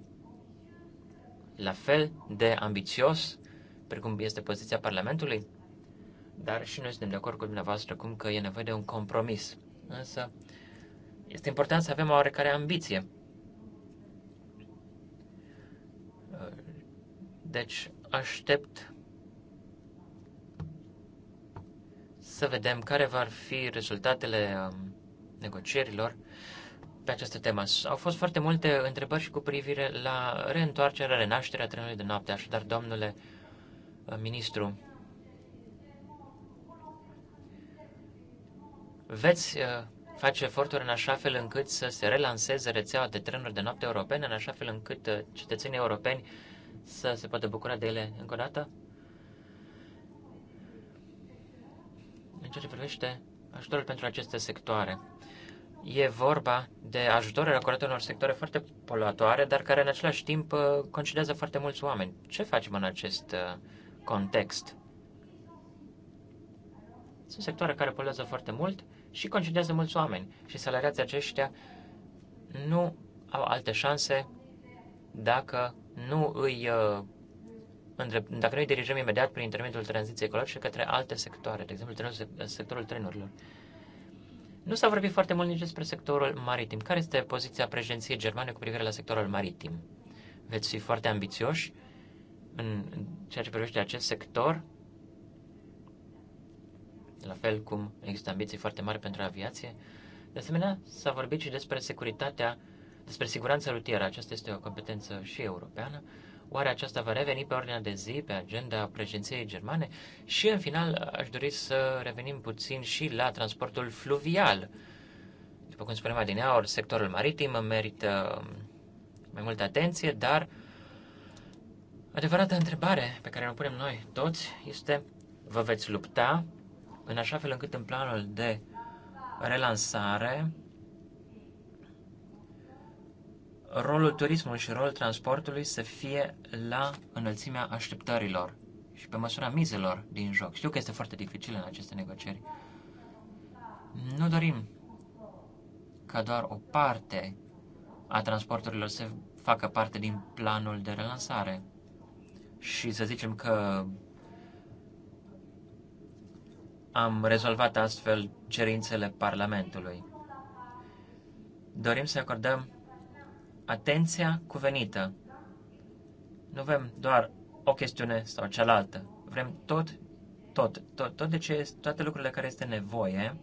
La fel de ambițios precum este poziția Parlamentului? Dar și noi suntem de acord cu dumneavoastră cum că e nevoie de un compromis. Însă este important să avem oarecare ambiție. Deci aștept să vedem care vor fi rezultatele um, negocierilor pe această temă. Au fost foarte multe întrebări și cu privire la reîntoarcerea, renașterea trenului de noapte. Așadar, domnule uh, ministru, veți uh, face eforturi în așa fel încât să se relanseze rețeaua de trenuri de noapte europene, în așa fel încât uh, cetățenii europeni să se poată bucura de ele încă o dată. În ceea ce privește ajutorul pentru aceste sectoare. E vorba de ajutorul acordat unor sectoare foarte poluatoare, dar care în același timp uh, concedează foarte mulți oameni. Ce facem în acest uh, context? Sunt sectoare care poluează foarte mult și concedează mulți oameni și salariații aceștia nu au alte șanse dacă nu îi uh, dacă noi dirijăm imediat prin intermediul tranziției ecologice către alte sectoare, de exemplu sectorul trenurilor. Nu s-a vorbit foarte mult nici despre sectorul maritim. Care este poziția președinției germane cu privire la sectorul maritim? Veți fi foarte ambițioși în ceea ce privește acest sector, la fel cum există ambiții foarte mari pentru aviație. De asemenea, s-a vorbit și despre securitatea despre siguranța rutieră, aceasta este o competență și europeană. Oare aceasta va reveni pe ordinea de zi, pe agenda președinției germane? Și, în final, aș dori să revenim puțin și la transportul fluvial. După cum spuneam adineaori, sectorul maritim merită um, mai multă atenție, dar adevărata întrebare pe care ne punem noi toți este vă veți lupta în așa fel încât în planul de relansare rolul turismului și rolul transportului să fie la înălțimea așteptărilor și pe măsura mizelor din joc. Știu că este foarte dificil în aceste negocieri. Nu dorim ca doar o parte a transporturilor să facă parte din planul de relansare. Și să zicem că am rezolvat astfel cerințele Parlamentului. Dorim să acordăm atenția cuvenită. Nu vrem doar o chestiune sau cealaltă. Vrem tot, tot, tot, tot de ce, toate lucrurile care este nevoie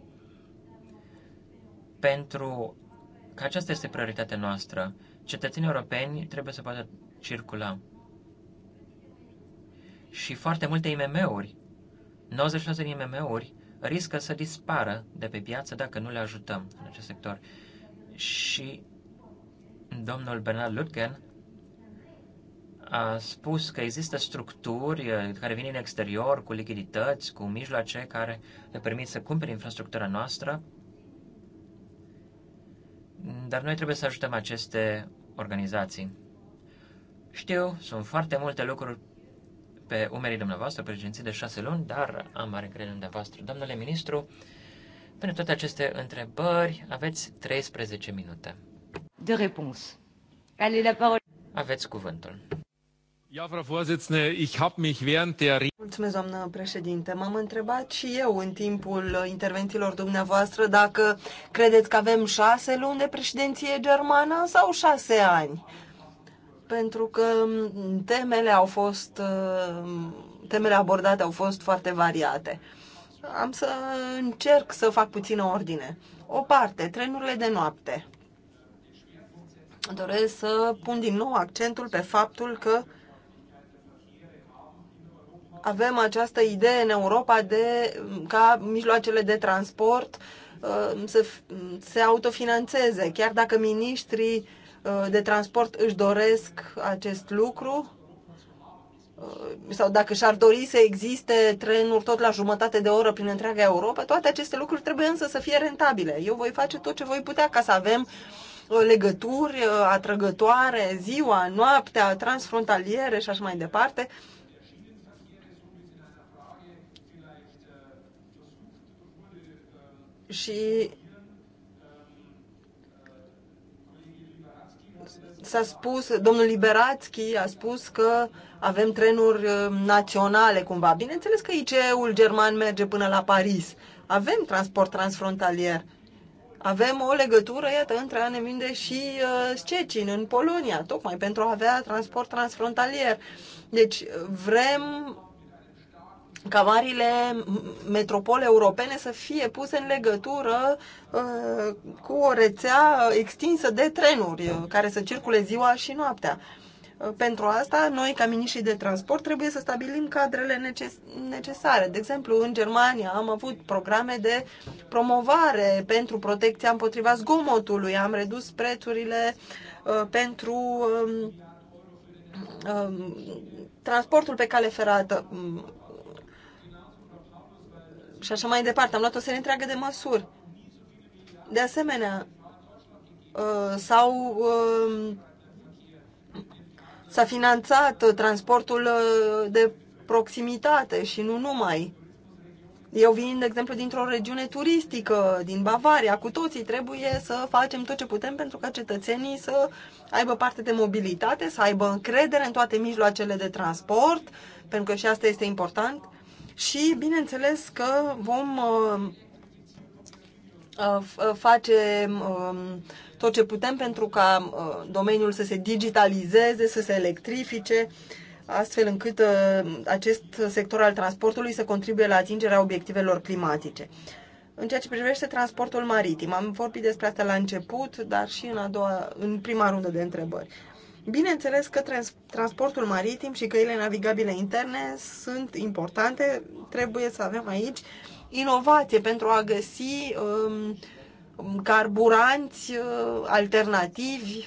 pentru că aceasta este prioritatea noastră. Cetățenii europeni trebuie să poată circula. Și foarte multe IMM-uri, 96% de IMM-uri, riscă să dispară de pe piață dacă nu le ajutăm în acest sector. Și Domnul Bernard Lutgen a spus că există structuri eh, care vin din exterior cu lichidități, cu mijloace care le permit să cumpere infrastructura noastră, dar noi trebuie să ajutăm aceste organizații. Știu, sunt foarte multe lucruri pe umerii dumneavoastră, președinții de șase luni, dar am mare încredere în dumneavoastră. Domnule ministru, pentru toate aceste întrebări aveți 13 minute de răspuns. Ale la parole. Aveți cuvântul. Ja, Frau Vorsitzende, ich habe mich während der... Mulțumesc, doamnă președinte. M-am întrebat și eu în timpul intervențiilor dumneavoastră dacă credeți că avem șase luni de președinție germană sau șase ani. Pentru că temele au fost, uh, temele abordate au fost foarte variate. Am să încerc să fac puțină ordine. O parte, trenurile de noapte doresc să pun din nou accentul pe faptul că avem această idee în Europa de ca mijloacele de transport uh, să se autofinanțeze. Chiar dacă miniștrii uh, de transport își doresc acest lucru uh, sau dacă și-ar dori să existe trenuri tot la jumătate de oră prin întreaga Europa, toate aceste lucruri trebuie însă să fie rentabile. Eu voi face tot ce voi putea ca să avem uh, legături uh, atrăgătoare ziua, noaptea, transfrontaliere și așa mai departe. Și s-a spus, domnul Liberațchi a spus că avem trenuri uh, naționale cumva. Bineînțeles că ICE-ul german merge până la Paris. Avem transport transfrontalier avem o legătură, iată, între Aneminde și uh, Szczecin, în Polonia, tocmai pentru a avea transport transfrontalier. Deci vrem ca marile metropole europene să fie puse în legătură uh, cu o rețea extinsă de trenuri uh, care să circule ziua și noaptea. Uh, Uh, pentru asta, noi, ca miniștri de transport, trebuie să stabilim cadrele necesare. De exemplu, în Germania am avut programe de promovare pentru protecția împotriva zgomotului, am redus prețurile uh, pentru um, um transportul pe cale ferată mm. și așa mai departe. Am luat o serie întreagă de măsuri. De asemenea, uh, sau um, s-a finanțat uh, transportul uh, de proximitate și nu numai. Eu vin, de exemplu, dintr-o regiune turistică, din Bavaria. Cu toții trebuie să facem tot ce putem pentru ca cetățenii să aibă parte de mobilitate, să aibă încredere în toate mijloacele de transport, pentru că și asta este important. Și, bineînțeles, că vom uh, uh, uh face. Uh, tot ce putem pentru ca uh, domeniul să se digitalizeze, să se electrifice, astfel încât uh, acest sector al transportului să contribuie la atingerea obiectivelor climatice. În ceea ce privește transportul maritim, am vorbit despre asta la început, dar și în, a doua, în prima rundă de întrebări. Bineînțeles că trans- transportul maritim și căile navigabile interne sunt importante. Trebuie să avem aici inovație pentru a găsi Uh, carburanți uh, alternativi.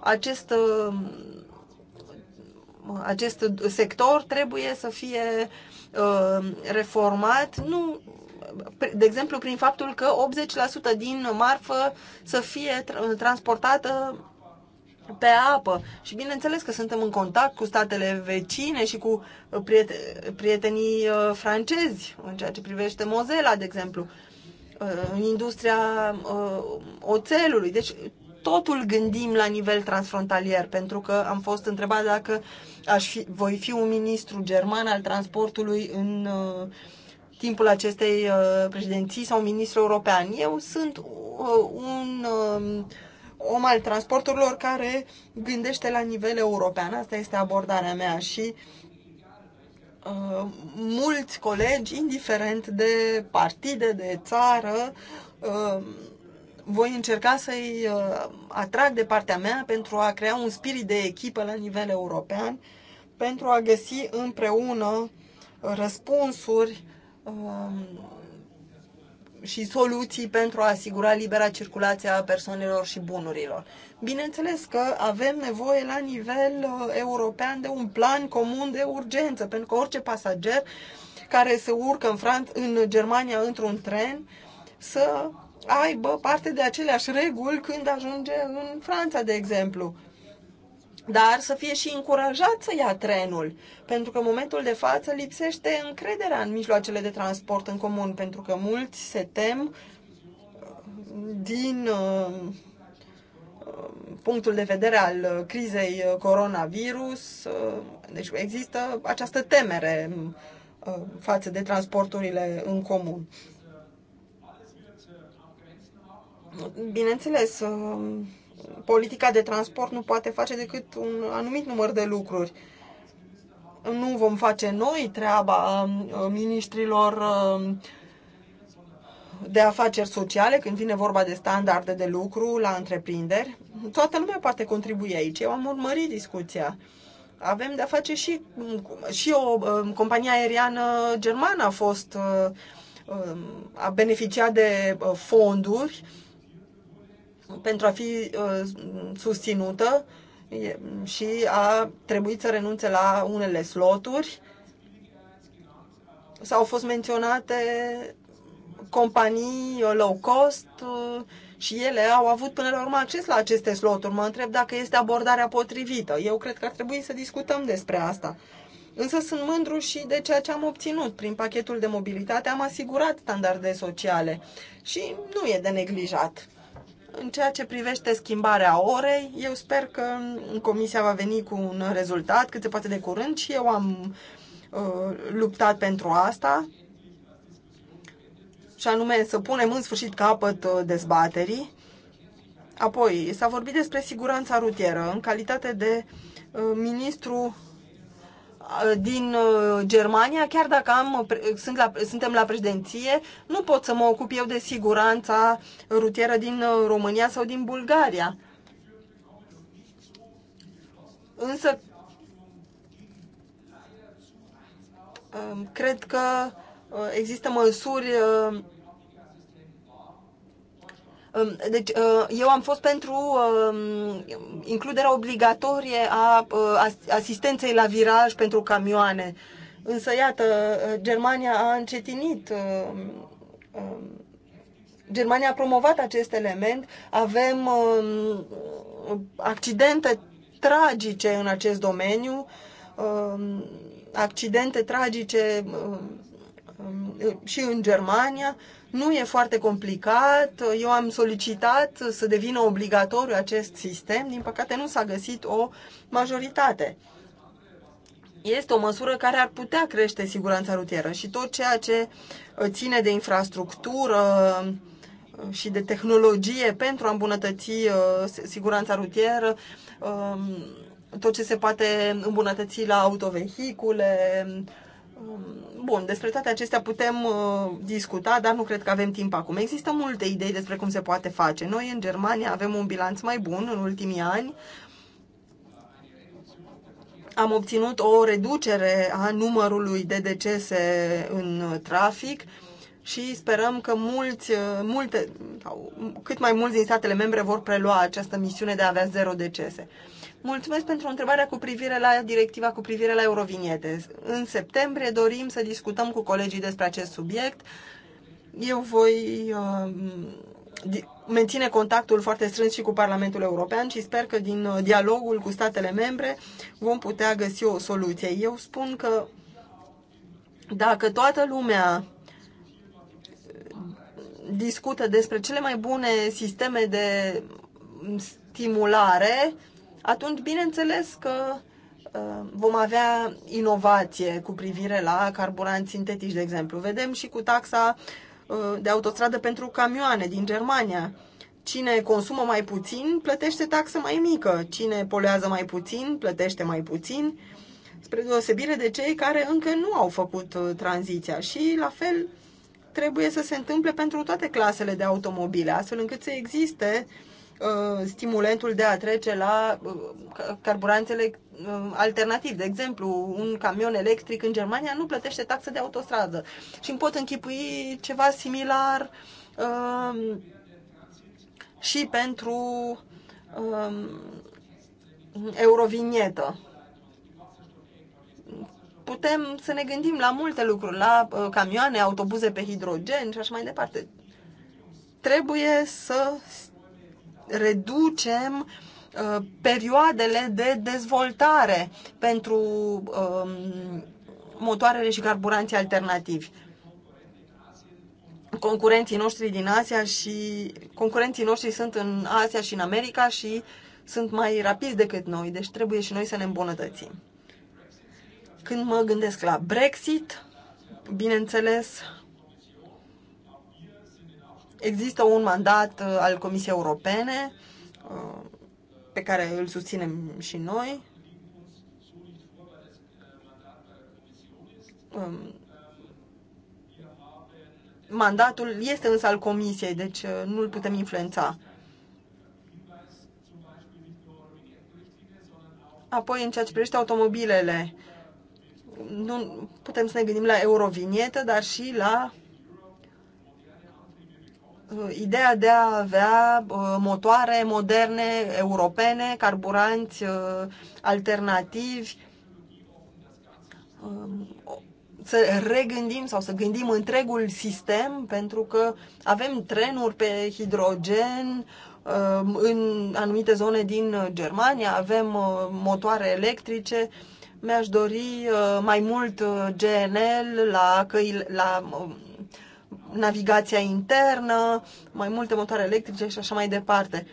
Acest, uh, acest sector trebuie să fie uh, reformat, nu, de exemplu, prin faptul că 80% din marfă să fie transportată pe apă. Și bineînțeles că suntem în contact cu statele vecine și cu prieten- prietenii francezi în ceea ce privește Mozela, de exemplu. Uh, în industria uh, oțelului. Deci totul gândim la nivel transfrontalier, pentru că am fost întrebat dacă aș fi, voi fi un ministru german al transportului în uh, timpul acestei președinții sau ministru european. Eu sunt un om al transporturilor care gândește la nivel european. Asta este abordarea mea și Uh, mulți colegi, indiferent de partide, de țară, uh, voi încerca să-i uh, atrag de partea mea pentru a crea un spirit de echipă la nivel european, pentru a găsi împreună răspunsuri și soluții pentru a asigura libera circulație a persoanelor și bunurilor. Bineînțeles că avem nevoie la nivel uh, european de un plan comun de urgență, pentru că orice pasager care se urcă în, Fran- în Germania într-un tren să aibă parte de aceleași reguli când ajunge în Franța, de exemplu dar să fie și încurajat să ia trenul, pentru că în momentul de față lipsește încrederea în mijloacele de transport în comun, pentru că mulți se tem uh, din uh, uh, punctul de vedere al crizei coronavirus, deci există această temere față de transporturile în comun. Bineînțeles, politica de transport nu poate face decât un anumit număr de lucruri. Nu vom face noi treaba um, uh, ministrilor um, de afaceri sociale când vine vorba de standarde de lucru la întreprinderi. Toată lumea poate contribui aici. Eu am urmărit discuția. Avem de-a face și, și o um, companie aeriană germană a fost uh, a beneficiat de uh, fonduri pentru a fi uh, susținută și a trebuit să renunțe la unele sloturi. S-au fost menționate companii low cost uh, și ele au avut până la urmă acces la aceste sloturi. Mă întreb dacă este abordarea potrivită. Eu cred că ar trebui să discutăm despre asta. Însă sunt mândru și de ceea ce am obținut. Prin pachetul de mobilitate am asigurat standarde sociale și nu e de neglijat. În ceea ce privește schimbarea orei, eu sper că comisia va veni cu un rezultat cât se poate de curând și eu am uh, luptat pentru asta și anume să punem în sfârșit capăt uh, dezbaterii. Apoi s-a vorbit despre siguranța rutieră. În calitate de uh, ministru din uh, Germania, chiar dacă am, sunt la, suntem la președinție, nu pot să mă ocup eu de siguranța rutieră din uh, România sau din Bulgaria. Însă, um, cred că uh, există măsuri deci, uh, eu am fost pentru um, includerea obligatorie a uh, asistenței la viraj pentru camioane. Însă, iată, uh, Germania a încetinit. Um, Germania a promovat acest element. Avem um, accidente tragice în acest domeniu, accidente tragice și în Germania nu e foarte complicat. Eu am solicitat să devină obligatoriu acest sistem. Din păcate nu s-a găsit o majoritate. Este o măsură care ar putea crește siguranța rutieră și tot ceea ce ține de infrastructură uh, și de tehnologie pentru a îmbunătăți uh, siguranța rutieră, um, tot ce se poate îmbunătăți la autovehicule, Bun, despre toate acestea putem uh, discuta, dar nu cred că avem timp acum. Există multe idei despre cum se poate face. Noi în Germania avem un bilanț mai bun în ultimii ani. Am obținut o reducere a numărului de decese în trafic și sperăm că mulți, uh, multe, sau cât mai mulți din statele membre vor prelua această misiune de a avea zero decese. Uh, Mulțumesc pentru întrebarea cu privire la directiva cu privire la Eurovinete. În septembrie dorim să discutăm cu colegii despre acest subiect. Eu voi uh, menține contactul foarte strâns și cu Parlamentul European și sper că din uh, dialogul cu statele membre vom putea găsi o soluție. Eu spun că dacă toată lumea discută despre cele mai bune sisteme de stimulare atunci bineînțeles că uh, vom avea inovație cu privire la carburanți sintetici, de exemplu. Vedem și cu taxa uh, de autostradă pentru camioane din Germania. Cine consumă mai puțin, plătește taxă mai mică. Cine poluează mai puțin, plătește mai puțin, spre deosebire de cei care încă nu au făcut uh, tranziția. Și, la fel, trebuie să se întâmple pentru toate clasele de automobile, astfel încât să existe uh, Uh, stimulentul de a trece la uh, carburanțele uh, alternativ. De exemplu, un camion electric în Germania nu plătește taxă de autostradă. Și îmi pot închipui ceva similar um, și pentru um, eurovinietă. Putem să ne gândim la multe lucruri, la camioane, autobuze pe hidrogen și așa mai departe. Trebuie să reducem uh, perioadele de dezvoltare pentru um, motoarele și carburanții alternativi. Concurenții noștri din Asia și concurenții noștri sunt în Asia și în America și sunt mai rapizi decât noi, deci trebuie și noi să ne îmbunătățim. Când mă gândesc la Brexit, bineînțeles, Există un mandat uh, al Comisiei Europene uh, pe care îl susținem și noi. Um, mandatul este însă al Comisiei, deci uh, nu îl putem influența. Apoi, în ceea ce privește automobilele, nu putem să ne gândim la eurovinietă, dar și la Uh, ideea de a avea uh, motoare moderne europene, carburanți uh, alternativi, um, să regândim sau să gândim întregul sistem, pentru că avem trenuri pe hidrogen um, în anumite zone din Germania, avem motoare electrice, mi-aș dori mai mult GNL la, căi, la um, navigația internă, mai multe motoare electrice și așa mai departe.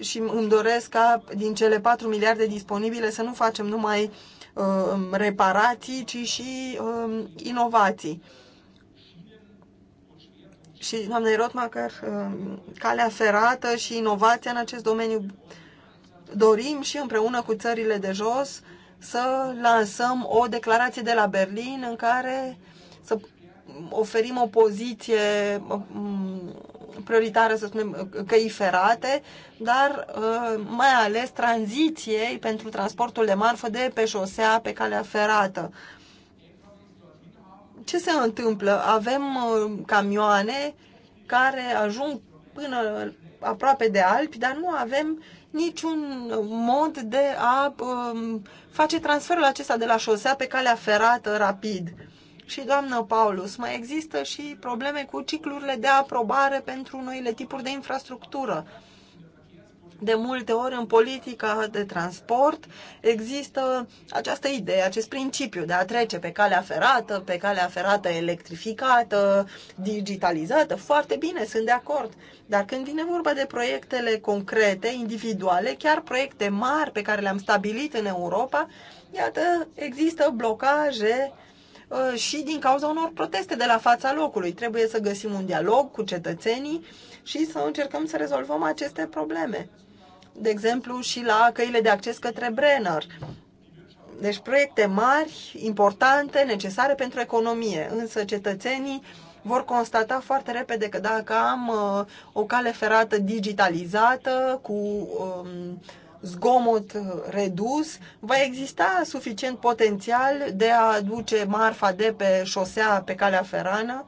Și îmi doresc ca din cele 4 miliarde disponibile să nu facem numai uh, reparații, ci și uh, inovații. Și, doamne Rotmacher, uh, calea ferată și inovația în acest domeniu dorim și împreună cu țările de jos să lansăm o declarație de la Berlin în care oferim o poziție prioritară, să spunem, căi ferate, dar uh, mai ales tranziției pentru transportul de marfă de pe șosea, pe calea ferată. Ce se întâmplă? Avem uh, camioane care ajung până aproape de Alpi, dar nu avem niciun mod de a um, face transferul acesta de la șosea pe calea ferată rapid. Și, doamnă Paulus, mai există și probleme cu ciclurile de aprobare pentru noile tipuri de infrastructură. De multe ori în politica de transport există această idee, acest principiu de a trece pe calea ferată, pe calea ferată electrificată, digitalizată. Foarte bine, sunt de acord. Dar când vine vorba de proiectele concrete, individuale, chiar proiecte mari pe care le-am stabilit în Europa, iată, există blocaje Uh, și din cauza unor proteste de la fața locului. Trebuie să găsim un dialog cu cetățenii și să încercăm să rezolvăm aceste probleme. De exemplu, și la căile de acces către Brenner. Deci proiecte mari, importante, necesare pentru economie. Însă cetățenii vor constata foarte repede că dacă am uh, o cale ferată digitalizată cu um, zgomot uh, redus, va exista suficient potențial de a duce marfa de pe șosea pe calea ferană,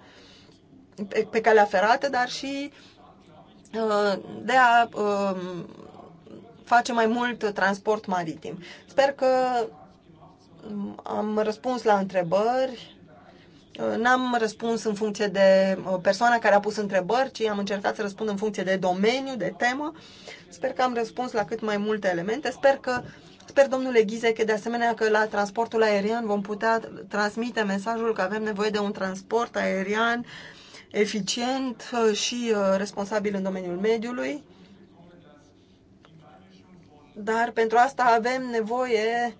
pe, pe calea ferată, dar și uh, de a um, face mai mult transport maritim. Sper că um, am răspuns la întrebări Uh, n-am răspuns în funcție de uh, persoana care a pus întrebări, ci am încercat să răspund în funcție de domeniu, de temă. Sper că am răspuns la cât mai multe elemente. Sper că Sper, domnule Ghize, că de asemenea că la transportul aerian vom putea transmite mesajul că avem nevoie de un transport aerian eficient uh, și responsabil în domeniul mediului. Dar pentru asta avem nevoie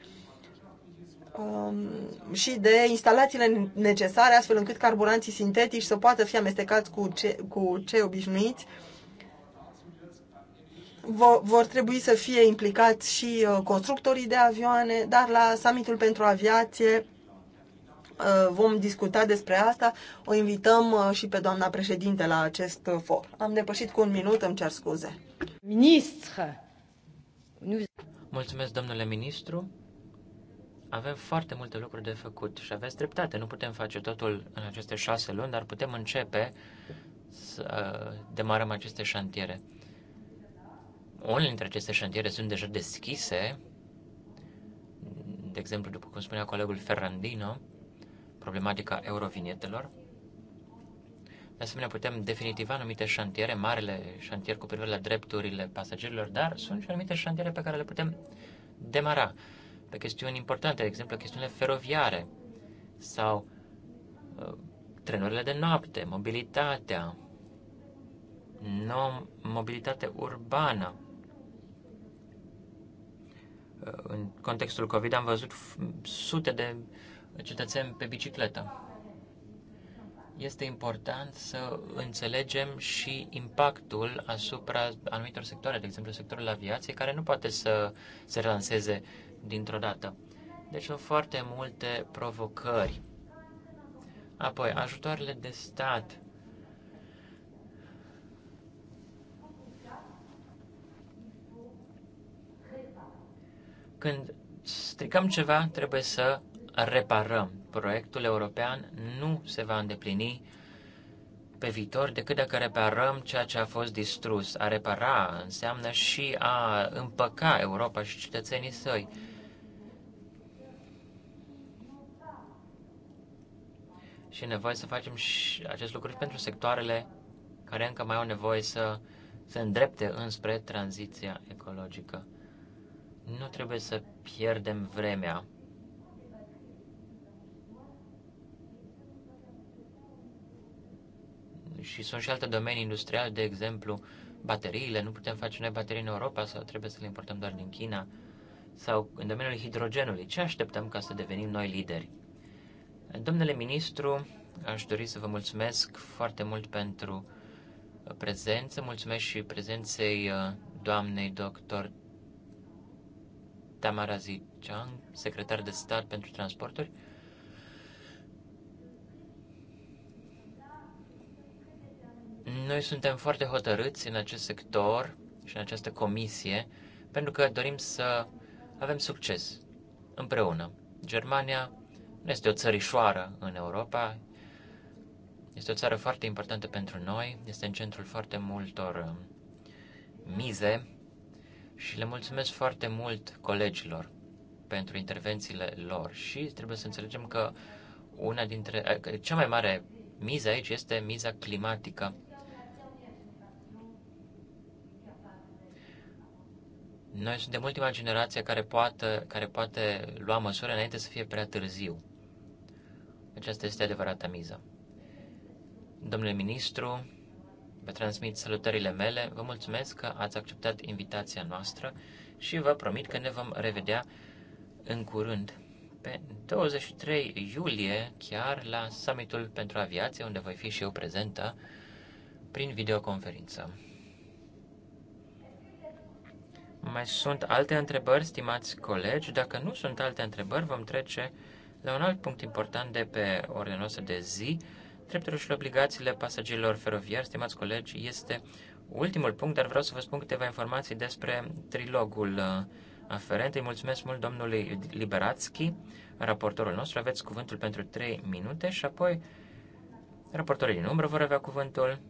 Um, și de instalațiile necesare, astfel încât carburanții sintetici să poată fi amestecați cu, ce, cu cei obișnuiți. Vor trebui să fie implicați și uh, constructorii de avioane, dar la summitul pentru aviație uh, vom discuta despre asta. O invităm uh, și pe doamna președinte la acest for. Am depășit cu un minut, îmi cer scuze. Ministru! Mulțumesc, domnule ministru. Avem foarte multe lucruri de făcut și aveți dreptate. Nu putem face totul în aceste șase luni, dar putem începe să uh, demarăm aceste șantiere. Unele dintre aceste șantiere sunt deja deschise, de exemplu, după cum spunea colegul Ferrandino, problematica eurovinietelor. De asemenea, putem definitiva anumite șantiere, marele șantier cu privire la drepturile pasagerilor, dar sunt și anumite șantiere pe care le putem demara pe chestiuni importante, de exemplu chestiunile feroviare sau uh, trenurile de noapte, mobilitatea, mobilitate urbană. Uh, în contextul COVID am văzut sute de cetățeni pe bicicletă. Este important să înțelegem și impactul asupra anumitor sectoare, de exemplu sectorul aviației, care nu poate să se relanseze uh, dintr-o dată. Deci sunt foarte multe provocări. Apoi, ajutoarele de stat. Când stricăm ceva, trebuie să reparăm. Proiectul european nu se va îndeplini pe viitor decât dacă reparăm ceea ce a fost distrus. A repara înseamnă și a împăca Europa și cetățenii săi. și e nevoie să facem și acest lucru și pentru sectoarele care încă mai au nevoie să se îndrepte înspre tranziția ecologică. Nu trebuie să pierdem vremea. Și sunt și alte domenii industriale, de exemplu, bateriile. Nu putem face noi baterii în Europa sau trebuie să le importăm doar din China. Sau în domeniul hidrogenului. Ce așteptăm ca să devenim noi lideri? Domnule ministru, aș dori să vă mulțumesc foarte mult pentru prezență. Mulțumesc și prezenței uh, doamnei doctor Tamara Zicean, secretar de stat pentru transporturi. Noi suntem foarte hotărâți în acest sector și în această comisie pentru că dorim să avem succes împreună. Germania, nu este o țărișoară în Europa, este o țară foarte importantă pentru noi, este în centrul foarte multor um, mize și le mulțumesc foarte mult colegilor pentru intervențiile lor și trebuie să înțelegem că una dintre, eh, cea mai mare miză aici este miza climatică. Noi suntem ultima generație care poate, care poate lua măsuri înainte să fie prea târziu. Aceasta este adevărata miză. Domnule ministru, vă transmit salutările mele, vă mulțumesc că ați acceptat invitația noastră și vă promit că ne vom revedea în curând, pe 23 iulie, chiar la summitul pentru aviație, unde voi fi și eu prezentă prin videoconferință. Mai sunt alte întrebări, stimați colegi? Dacă nu sunt alte întrebări, vom trece la un alt punct important de pe ordinea noastră de zi, drepturile și obligațiile pasagerilor feroviari, stimați colegi, este ultimul punct, dar vreau să vă spun câteva informații despre trilogul uh, aferent. Îi mulțumesc mult domnului Liberațchi, raportorul nostru. Aveți cuvântul pentru 3 minute și apoi raportorii din umbră vor avea cuvântul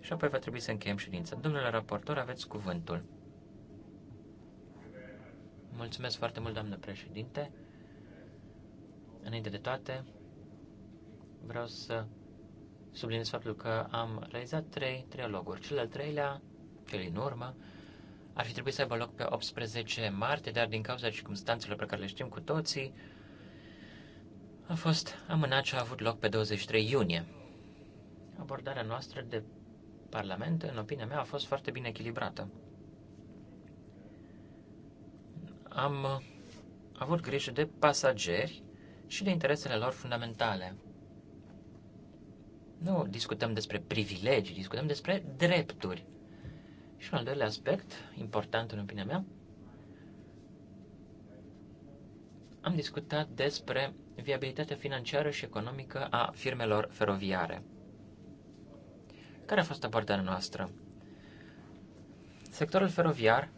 și apoi va trebui să încheiem ședința. Domnule raportor, aveți cuvântul. Mulțumesc foarte mult, doamnă președinte. Înainte de toate, vreau să subliniez faptul că am realizat trei trialoguri. Cel al treilea, cel din urmă, ar fi trebuit să aibă loc pe 18 martie, dar din cauza circumstanțelor pe care le știm cu toții, a fost amânat și a avut loc pe 23 iunie. Abordarea noastră de Parlament, în opinia mea, a fost foarte bine echilibrată. Am avut grijă de pasageri și de interesele lor fundamentale. Nu discutăm despre privilegii, discutăm despre drepturi. Și un al doilea aspect, important în opinia mea, am discutat despre viabilitatea financiară și economică a firmelor feroviare. Care a fost abordarea noastră? Sectorul feroviar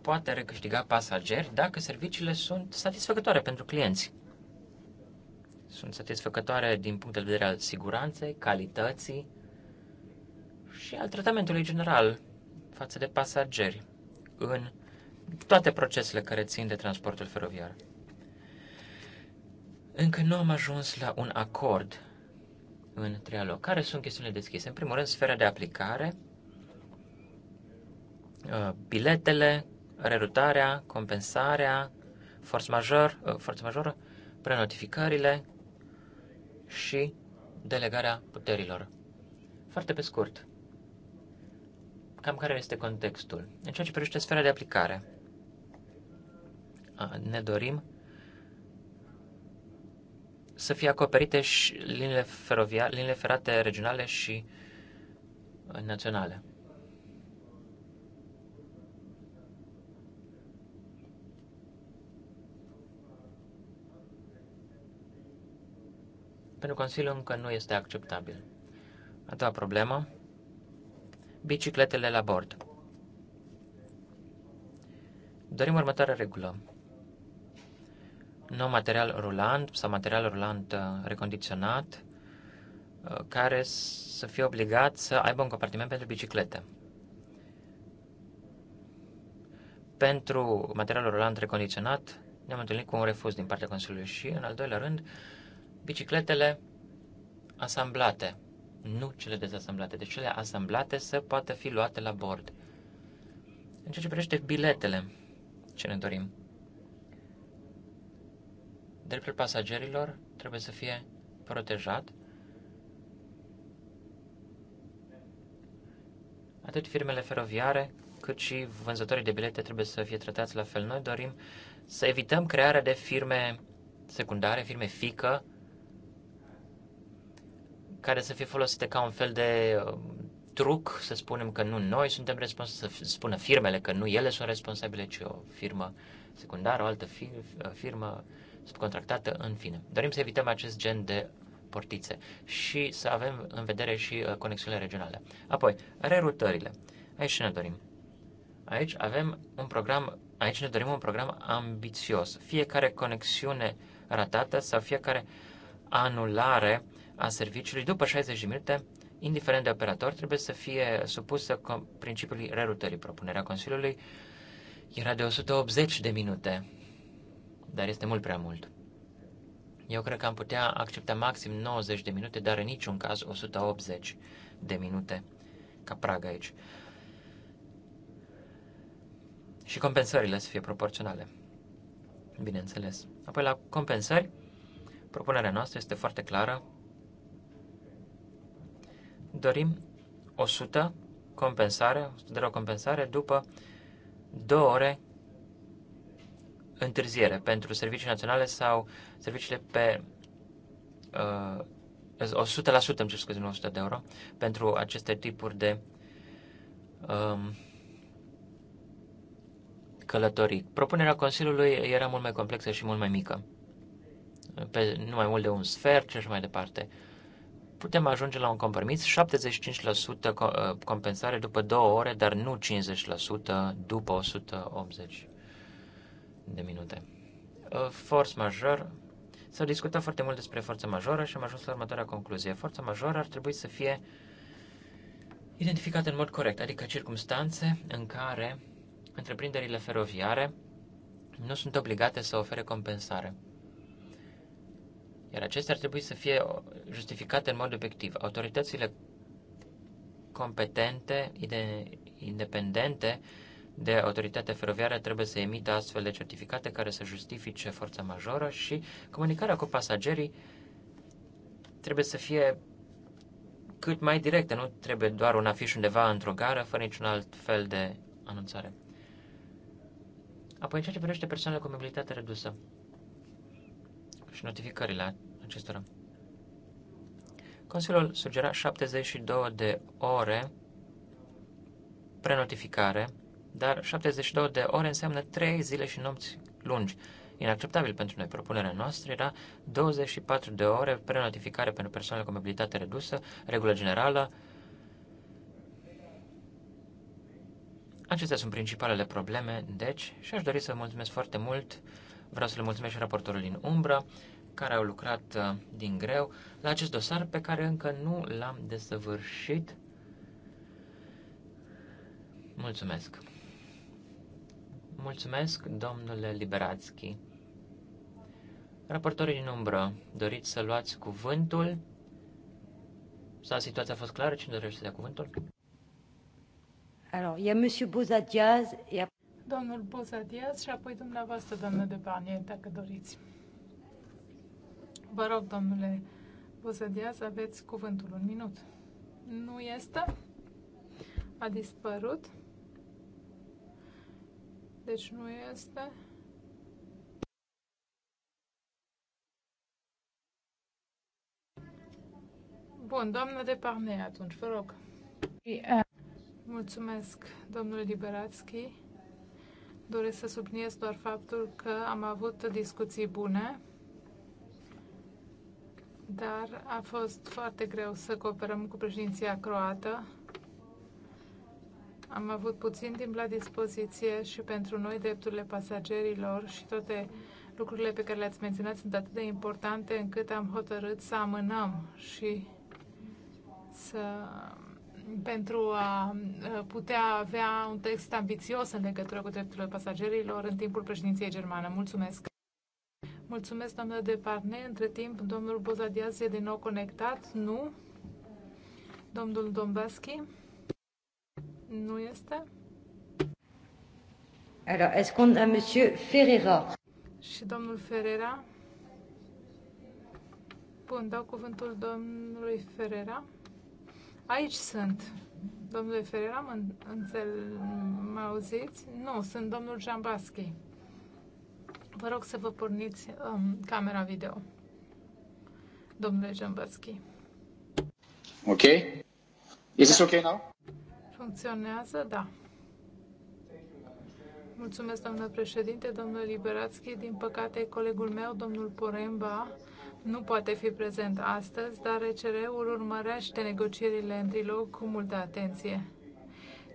poate recâștiga pasageri dacă serviciile sunt satisfăcătoare pentru clienți sunt satisfăcătoare din punct de vedere al siguranței, calității și al tratamentului general față de pasageri în toate procesele care țin de transportul feroviar. Încă nu am ajuns la un acord în trialog. Care sunt chestiunile deschise? În primul rând, sfera de aplicare, uh, biletele, rerutarea, compensarea, forță major, uh, forță majoră, prenotificările, și delegarea puterilor. Foarte pe scurt, cam care este contextul? În ceea ce privește sfera de aplicare, ne dorim să fie acoperite și linile feroviar, linile ferate regionale și uh, naționale. pentru Consiliu încă nu este acceptabil. A doua problemă, bicicletele la bord. Dorim următoarea regulă. Nou material rulant sau material rulant uh, recondiționat uh, care să fie obligat să aibă un compartiment pentru biciclete. Pentru materialul rulant recondiționat ne-am întâlnit cu un refuz din partea Consiliului și, în al doilea rând, bicicletele asamblate, nu cele dezasamblate, deci cele asamblate să poată fi luate la bord. În ceea ce privește biletele, ce ne dorim? Dreptul pasagerilor trebuie să fie protejat Atât firmele feroviare, cât și vânzătorii de bilete trebuie să fie tratați la fel. Noi dorim să evităm crearea de firme secundare, firme fică, care să fie folosite ca un fel de uh, truc, să spunem că nu noi suntem responsabili, să spună firmele că nu ele sunt responsabile, ci o firmă secundară, o altă uh, firmă subcontractată, în fine. Dorim să evităm acest gen de portițe și să avem în vedere și uh, conexiunile regionale. Apoi, rerutările. Aici ne dorim. Aici avem un program, aici ne dorim un program ambițios. Fiecare conexiune ratată sau fiecare anulare a serviciului după 60 de minute, indiferent de operator, trebuie să fie supusă principiului rerutării. Propunerea Consiliului era de 180 de minute, dar este mult prea mult. Eu cred că am putea accepta maxim 90 de minute, dar în niciun caz 180 de minute ca prag aici. Și compensările să fie proporționale, bineînțeles. Apoi la compensări, propunerea noastră este foarte clară, dorim 100 compensare, 100 de la compensare după 2 ore întârziere pentru servicii naționale sau serviciile pe uh, 100%, îmi cer scuze, nu 100 de euro, pentru aceste tipuri de um, călătorii. Propunerea Consiliului era mult mai complexă și mult mai mică, pe nu mai mult de un sfert și așa mai departe. Uh, putem ajunge la un compromis, 75% uh, compensare după două ore, dar nu 50% după 180 de minute. Uh, force major, s-a discutat foarte mult despre forța majoră și am ajuns la următoarea concluzie. Forța majoră ar trebui să fie identificată în mod corect, adică circumstanțe în care întreprinderile feroviare nu sunt obligate să ofere compensare iar acestea ar trebui să fie uh, justificate în mod obiectiv. Autoritățile competente, independente de autoritatea feroviară trebuie să emită astfel de certificate care să justifice forța majoră și comunicarea cu pasagerii trebuie să fie cât mai directă, nu trebuie doar un afiș undeva într-o gară, fără niciun alt fel de anunțare. Apoi, în ceea ce privește persoanele cu mobilitate redusă, și notificările acestora. Consiliul sugera 72 de ore prenotificare, dar 72 de ore înseamnă 3 zile și nopți lungi. Inacceptabil pentru noi. Propunerea noastră era 24 de ore prenotificare pentru persoanele cu mobilitate redusă, regulă generală. Acestea sunt principalele probleme, deci, și aș dori să mulțumesc foarte mult Vreau să le mulțumesc și raportorul din umbră, care au lucrat uh, din greu la acest dosar pe care încă nu l-am desăvârșit. Mulțumesc! Mulțumesc, domnule Liberațchi. Raportorii din umbră, doriți să luați cuvântul? Sau situația a fost clară? Cine dorește să dea cuvântul? Alors, il y a Monsieur Bozadiaz et domnul Diaz și apoi dumneavoastră, doamnă de Banie, dacă doriți. Vă rog, domnule Diaz, aveți cuvântul un minut. Nu este? A dispărut? Deci nu este? Bun, doamnă de Parne, atunci, vă rog. Uh, Mulțumesc, domnul Liberatski doresc să subliniez doar faptul că am avut discuții bune, dar a fost foarte greu să cooperăm cu președinția croată. Am avut puțin timp la dispoziție și pentru noi drepturile pasagerilor și toate lucrurile pe care le-ați menționat sunt atât de importante încât am hotărât să amânăm și să pentru a putea avea un text ambițios în legătură cu drepturile pasagerilor în timpul președinției germană. Mulțumesc! Mulțumesc, doamnă Parne. Între timp, domnul Bozadiaz e din nou conectat? Nu. Domnul Dombaschi? Nu este. Alors, est-ce qu'on a monsieur Ferreira? Și domnul Ferreira? Bun, dau cuvântul domnului Ferreira. Aici sunt. Domnule Ferreira, mă, înțel, mă auziți? Nu, sunt domnul Jambaschi. Vă rog să vă porniți um, camera video. Domnule Jambaschi. Ok? Is this okay now? Funcționează? Da. Mulțumesc, domnule președinte, domnule Liberațchi. Din păcate, colegul meu, domnul Poremba, nu poate fi prezent astăzi, dar rcr ul urmărește negocierile în trilog cu multă atenție.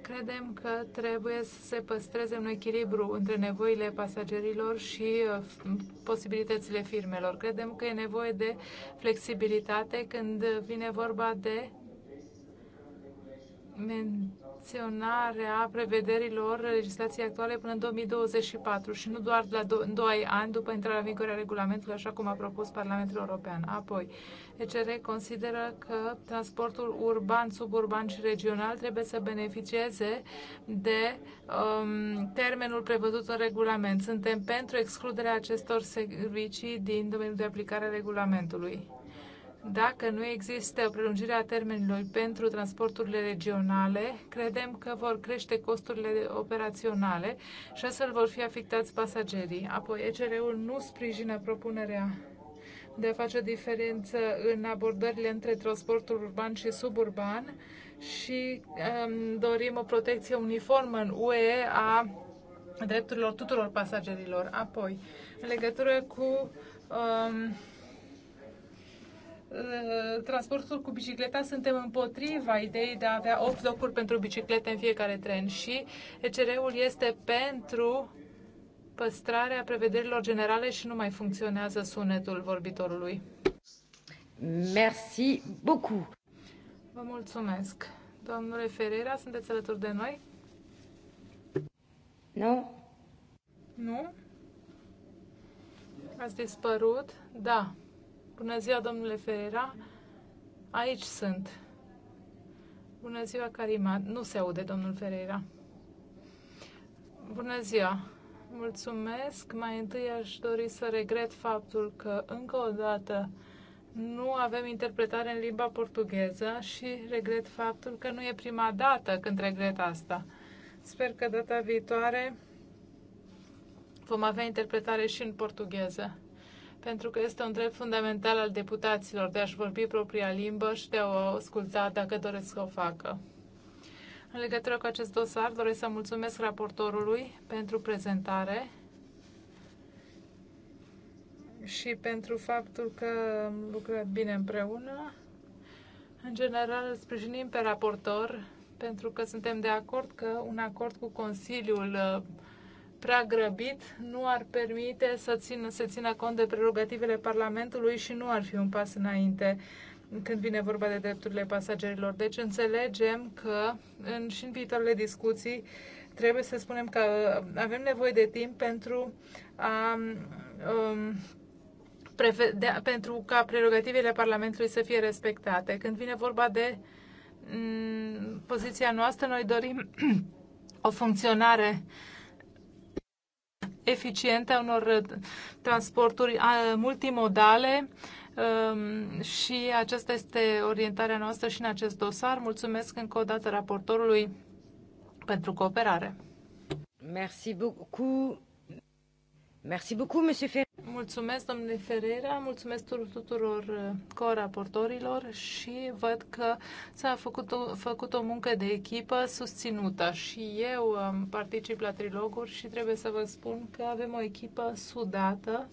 Credem că trebuie să se păstreze un echilibru între nevoile pasagerilor și uh, posibilitățile firmelor. Credem că e nevoie de flexibilitate când vine vorba de a prevederilor legislației actuale până în 2024 și nu doar la do- în 2 ani după intrarea în vigoare a regulamentului, așa cum a propus Parlamentul European. Apoi, ECR consideră că transportul urban, suburban și regional trebuie să beneficieze de um, termenul prevăzut în regulament. Suntem pentru excluderea acestor servicii din domeniul de aplicare a regulamentului. Dacă nu există prelungirea termenilor pentru transporturile regionale, credem că vor crește costurile operaționale și astfel vor fi afectați pasagerii. Apoi, ECR-ul nu sprijină propunerea de a face o diferență în abordările între transportul urban și suburban și um, dorim o protecție uniformă în UE a drepturilor tuturor pasagerilor. Apoi, în legătură cu um, Eh, transportul cu bicicleta, suntem împotriva ideii de a avea 8 locuri pentru biciclete în fiecare tren și ECR-ul este pentru păstrarea prevederilor generale și nu mai funcționează sunetul vorbitorului. Merci beaucoup! Vă mulțumesc! Domnule Ferreira, sunteți alături de noi? Nu. Nu? Ați dispărut? Da. Bună ziua, domnule Ferera, Aici sunt. Bună ziua, Karima. Nu se aude, domnul Ferera. Bună ziua. Mulțumesc. Mai întâi aș dori să regret faptul că, încă o dată, nu avem interpretare în limba portugheză și regret faptul că nu e prima dată când regret asta. Sper că data viitoare vom avea interpretare și în portugheză pentru că este un drept fundamental al deputaților de a-și vorbi propria limbă și de a o asculta dacă doresc să o facă. În legătură cu acest dosar, doresc să mulțumesc raportorului pentru prezentare și pentru faptul că am lucrat bine împreună. În general, îl sprijinim pe raportor pentru că suntem de acord că un acord cu Consiliul uh, prea grăbit nu ar permite să țin, să țină cont de prerogativele Parlamentului și nu ar fi un pas înainte când vine vorba de drepturile pasagerilor. Deci înțelegem că în, și în viitoarele discuții trebuie să spunem că uh, avem nevoie de timp pentru a um, de, pentru ca prerogativele Parlamentului să fie respectate. Când vine vorba de mm, poziția noastră, noi dorim *clears throat* o funcționare uh, eficiente, a unor uh, transporturi uh, multimodale um, și aceasta este orientarea noastră și în acest dosar. Mulțumesc încă o dată raportorului pentru cooperare. Merci beaucoup. Merci beaucoup, monsieur Ferreira. Mulțumesc, domnule Ferreira, mulțumesc tuturor uh, co-raportorilor și văd că s-a făcut o, făcut o muncă de echipă susținută și eu um, particip la triloguri și trebuie să vă spun că avem o echipă sudată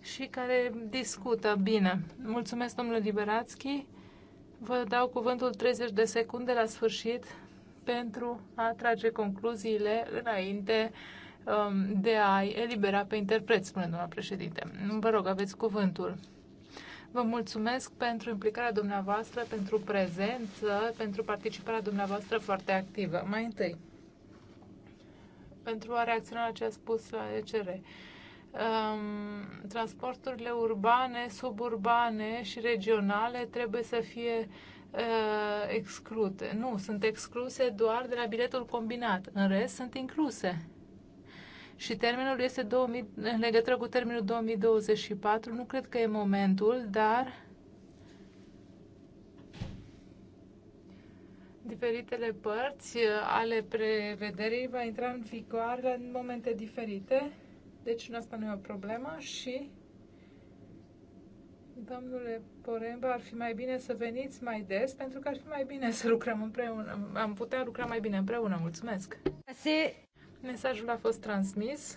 și care discută bine. Mulțumesc, domnule Liberațchi. Vă dau cuvântul 30 de secunde la sfârșit pentru a trage concluziile înainte Um, de a-i elibera pe interpret, spune doamna președinte. Vă rog, aveți cuvântul. Vă mulțumesc pentru implicarea dumneavoastră, pentru prezență, pentru participarea dumneavoastră foarte activă. Mai întâi, pentru a reacționa la ce a spus la ECR. Um, transporturile urbane, suburbane și regionale trebuie să fie uh, exclute. Nu, sunt excluse doar de la biletul combinat. În rest, sunt incluse și termenul este 2000, în legătură cu termenul 2024. Nu cred că e momentul, dar diferitele părți uh, ale prevederii va intra în vigoare în momente diferite. Deci în asta nu e o problemă și Domnule Poremba, ar fi mai bine să veniți mai des, pentru că ar fi mai bine să lucrăm împreună. Am putea lucra mai bine împreună. Mulțumesc! Se... Mesajul a fost transmis.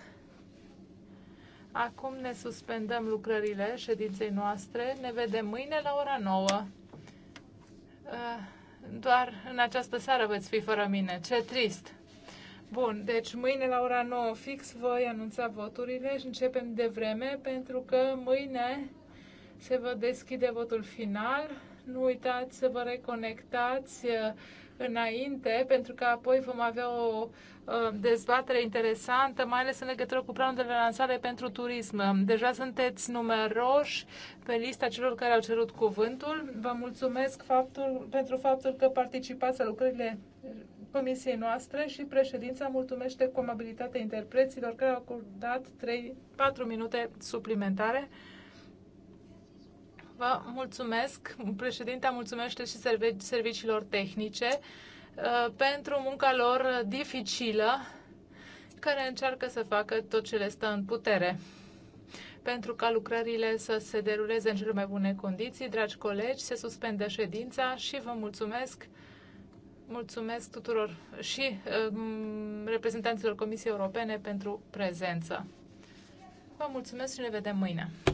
Acum ne suspendăm lucrările ședinței noastre. Ne vedem mâine la ora 9. Uh, doar în această seară veți fi fără mine. Ce trist! Bun, deci mâine la ora 9 fix voi anunța voturile și începem de vreme pentru că mâine se va deschide votul final. Nu uitați să vă reconectați uh, înainte, pentru că apoi vom avea o dezbatere interesantă, mai ales în legătură cu planul de relansare pentru turism. Deja sunteți numeroși pe lista celor care au cerut cuvântul. Vă mulțumesc faptul, pentru faptul că participați la lucrările comisiei noastre și președința mulțumește cu amabilitatea interpreților care au acordat 3-4 minute suplimentare. Vă mulțumesc, președinta mulțumește și serviciilor tehnice uh, pentru munca lor dificilă, care încearcă să facă tot ce le stă în putere pentru ca lucrările să se deruleze în cele mai bune condiții. Dragi colegi, se suspendă ședința și vă mulțumesc. Mulțumesc tuturor și uh, reprezentanților Comisiei Europene pentru prezență. Vă mulțumesc și ne vedem mâine.